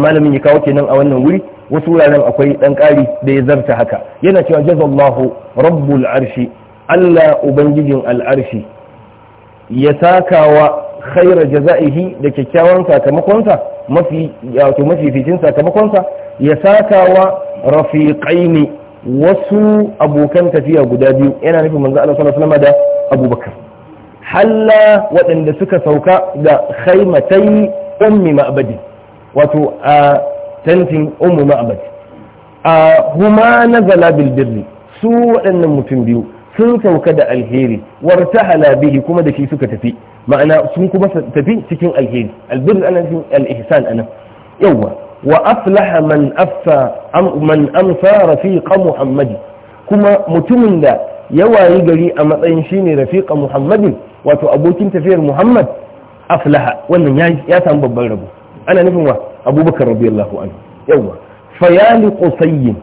malamin ya kawo kenan a wannan wuri wasu wuraren akwai dan ƙari da ya zarta haka yana cewa jazallahu rabbul arshi Allah ubangijin al'arshi ya sakawa khaira jaza'ihi da kyakkyawan sakamakonsa mafi wato mafificin sakamakonsa ya sakawa rafiƙai ne. wasu abokan tafiya guda biyu yana nufin manzo Allah sallallahu alaihi da Abubakar halla waɗanda suka sauka da khaimatai ummi ma'badi wato a tantin ummu ma'badi a huma nazala bil birri su waɗannan mutum biyu sun sauka da alheri wartahala bihi kuma da shi suka tafi ma'ana sun kuma tafi cikin alheri albirri ana cikin alihsan anan yawa wa aflaha man affa man amsa rafiqa muhammadi kuma mutumin da ya wayi gari a matsayin shine rafiqa muhammadin wato abokin tafiyar muhammad aflaha wannan ya samu babban rabo ana nufin wa abubakar radiyallahu anhu yawa fayali qusayyin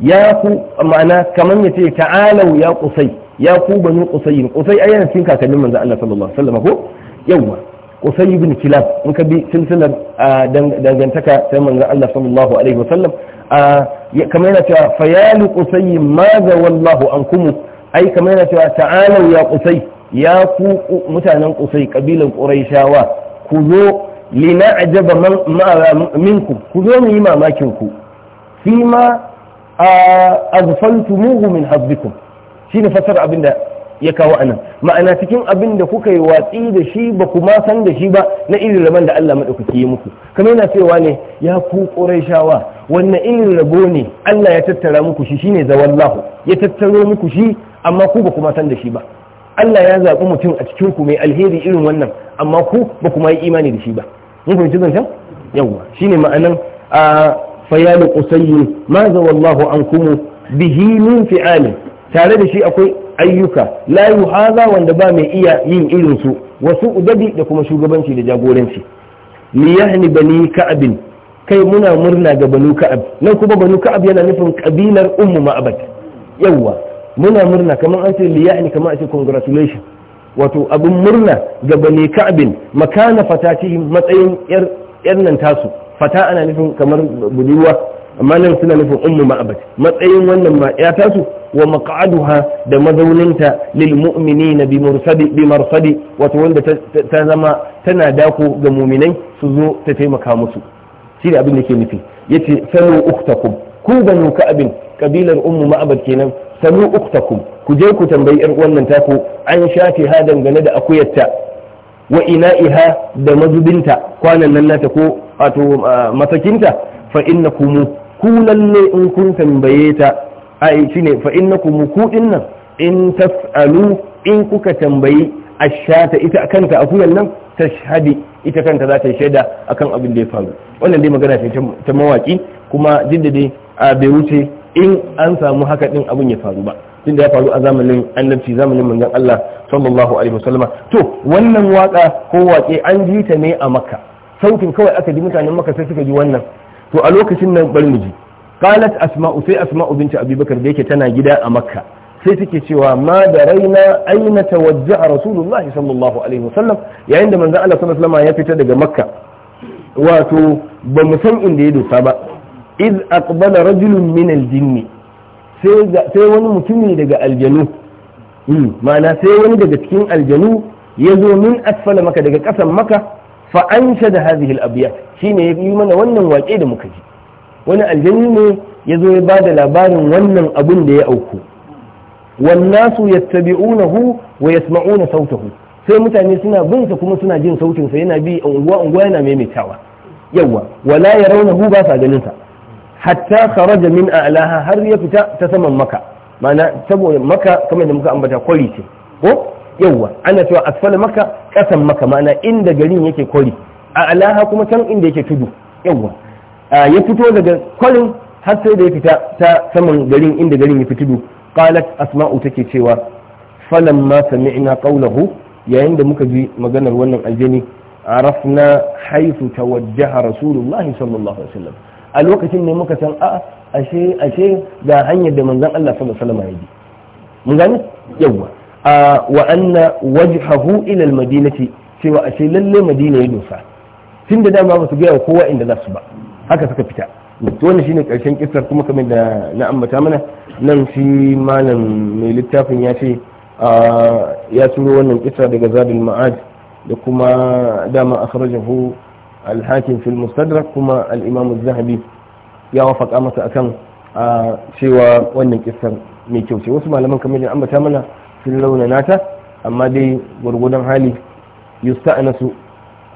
ya ku ma'ana kaman yace ta'alau ya qusay ya ku banu qusayyin qusay ayyana cikin kakannin manzo Allah sallallahu alaihi wasallam ko yawa qusay ibn kilab in ka bi silsilar dangantaka ta manzon Allah sallallahu alaihi wasallam kamar yana cewa fayalu qusay ma za wallahu ankum ai kamar yana cewa ta'alu ya qusay ya ku mutanen qusay kabilan quraishawa ku zo lina'jaba minkum ku zo mu yi mamakin ku fima azfaltumuhu min hazbikum shine fasar abinda ya kawo anan ma'ana cikin abin da kuka yi watsi da shi ba ku ma san da shi ba na irin rabon da Allah madaukaki ya muku kamar yana cewa ne ya ku quraishawa wannan irin rabo ne Allah ya tattara muku shi shine zawallahu ya tattaro muku shi amma ku ba san da shi ba Allah ya zaɓi mutum a cikin ku mai alheri irin wannan amma ku ba kuma yi imani da shi ba mun fahimci zancen yawwa shine ma'anan a fayalu qusayyi ma zawallahu ankum bihi min fi'ali tare da shi akwai ayyuka la haza wanda ba mai iya yin irin su wasu udadi da kuma shugabanci da jagoranci li yahni bani ka'abin kai muna murna ga banu ka'ab nan kuma banu ka'ab yana nufin kabilar ummu ma'abad yawa muna murna kamar an ce li yahni kamar a ce congratulation wato abin murna ga bani ka'abin makana fatatihim matsayin yar nan tasu fata ana nufin kamar budurwa amma nan suna nufin ummu Ma'abad. matsayin wannan ma ya tasu wa maq'aduha da mazauninta lil mu'minina bi mursadi bi marsadi wato wanda ta zama tana dako ga mu'minai su zo ta taimaka musu shi abin da ke nufi yace sanu ukhtakum ku banu abin kabilar ummu Ma'abad kenan sanu ukhtakum ku je ku tambayi yar wannan taku an shafe ha dangane da akuyarta wa ina'iha da mazubinta kwanan nan nata ko wato masakinta fa innakum ku lalle in kun tambaye ta ai ne fa innakum kudin nan in tasalu in kuka tambayi ashata ita kanta akuyan nan tashhadi ita kanta za ta yi shaida akan abin da ya faru wannan dai magana ce ta mawaki kuma jidda dai a bai wuce in an samu haka din abin ya faru ba tunda ya faru a zamanin annabci zamanin manzon Allah sallallahu alaihi wasallama to wannan waka ko waƙe an ji ta ne a makka sautin kawai aka ji mutanen makka sai suka ji wannan to a lokacin nan barmiji mu ji qalat asma'u sai asma'u binti abubakar da yake tana gida a makka sai take cewa ma da raina aina tawajjaha rasulullahi sallallahu alaihi wasallam yayin da manzon Allah sallallahu alaihi wasallam ya fita daga makka wato ba mu san inda ya dosa ba iz aqbala rajulun min aljinni sai wani mutumi daga aljanu hmm, ma'ana sai wani daga cikin aljanu ya zo min asfala maka daga ƙasan maka fa da hadhihi al shi ne ya yi mana wannan waƙe da muka ji wani aljanni ne ya zo ya ba da labarin wannan abin da ya auku wannasu unahu wa ya yasma'una sautahu sai mutane suna bin sa kuma suna jin sautin sa yana bi unguwa unguwa yana maimaitawa yawa wala ya rauna ba sa ganin sa hatta kharaja min a'laha har ya fita ta saman maka ma'ana saboda maka kamar da muka ambata kwari ce ko yawwa ana cewa asfala maka kasan maka ma'ana inda garin yake kwari a alaha kuma can inda yake tudu yawwa ya fito daga kwarin har sai da ya fita ta saman garin inda garin ya fi tudu qalat asma'u take cewa falamma sami'na qawlahu yayin da muka ji maganar wannan aljani arafna haythu tawajjaha rasulullahi sallallahu alaihi wasallam a lokacin ne muka san a ashe ashe ga hanyar da manzon Allah sallallahu alaihi wasallam ya bi mun gane yawa wa anna wajhahu ila al-madinati cewa ashe lalle madina ya dosa tunda da dama ba su gaya kowa inda za su ba haka suka fita to wannan shine karshen kissar kuma kamar da na ambata mana nan shi malam mai littafin ya ce ya turo wannan kissa daga zadul ma'ad da kuma dama akhrajahu al-hakim fil mustadrak kuma al-imam az-zahabi ya wafaka masa akan cewa wannan kissar mai kyau ce wasu malaman kamar da ambata mana sun launa nata amma dai gwargwadon hali yusta'nasu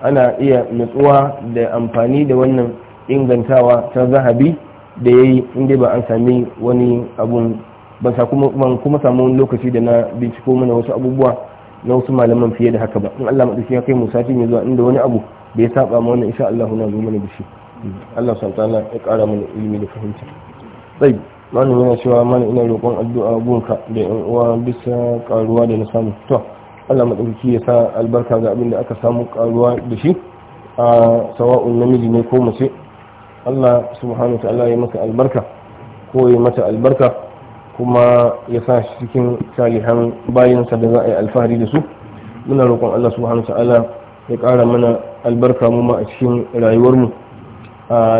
ana iya nutsuwa da amfani da wannan ingantawa ta zahabi da ya yi inda ba an sami wani abun ban sa kuma kuma samu wani lokaci da na binciko mana wasu abubuwa na wasu malaman fiye da haka ba in Allah madauki ya kai mu sati ne zuwa inda wani abu da ya saba ma wannan insha Allah na zo mana da shi Allah subhanahu ya kara mana ilimi da fahimta malam yana cewa mana ina roƙon addu'a gunka da yan uwa bisa karuwa da na samu to Allah madaukaki ya sa albarka ga abin da aka samu karuwa da shi a sawa'un namiji ne ko mace Allah subhanahu ta'ala ya masa albarka ko ya mata albarka kuma ya sa shi cikin salihan bayansa da za a yi alfahari da su muna roƙon Allah subhanahu ta'ala ya ƙara mana albarka mu ma a cikin rayuwarmu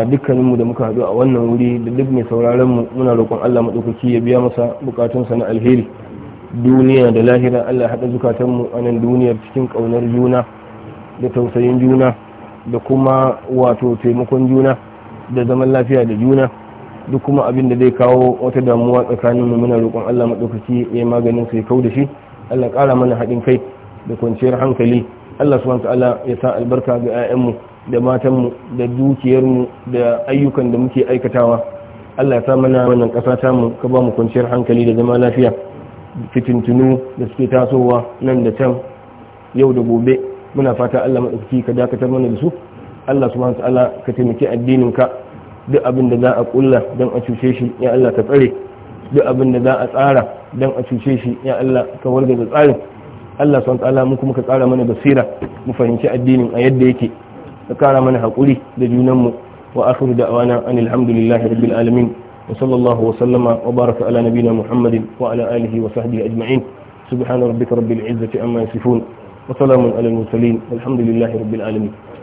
dukkaninmu da muka haɗu a wannan wuri da duk mai sauraron mu muna roƙon Allah maɗaukaki ya biya masa bukatunsa na alheri duniya da lahira Allah haɗa zukatanmu a nan duniyar cikin ƙaunar juna da tausayin juna da kuma wato taimakon juna da zaman lafiya da juna duk kuma abin da zai kawo wata damuwa tsakaninmu muna roƙon Allah maɗaukaki ya maganin su ya kau da shi Allah ƙara mana haɗin kai da kwanciyar hankali Allah subhanahu wa ta'ala ya sa albarka ga 'ya'yanmu da matanmu da dukiyarmu da ayyukan da muke aikatawa Allah ya sa mana wannan ƙasa tamu ka ba mu kwanciyar hankali da zama lafiya fitintunu da suke tasowa nan da can yau da gobe muna fata Allah maɗaukaki ka dakatar mana da su Allah subhanahu ta'ala ka taimaki addinin ka duk abin da za a kulla don a cuce shi ya Allah ka tsare duk abin da za a tsara don a cuce shi ya Allah ka warga da tsarin Allah subhanahu ta'ala mu kuma ka tsara mana basira mu fahimci addinin a yadda yake ka kara mana haƙuri da junanmu wa akhiru da'wana anil hamdulillahi rabbil alamin wa sallallahu wa sallama wa baraka ala nabina muhammadin wa ala alihi wa sahbihi ajma'in subhana rabbika rabbil izzati amma yasifun wa salamun alal mursalin walhamdulillahi rabbil alamin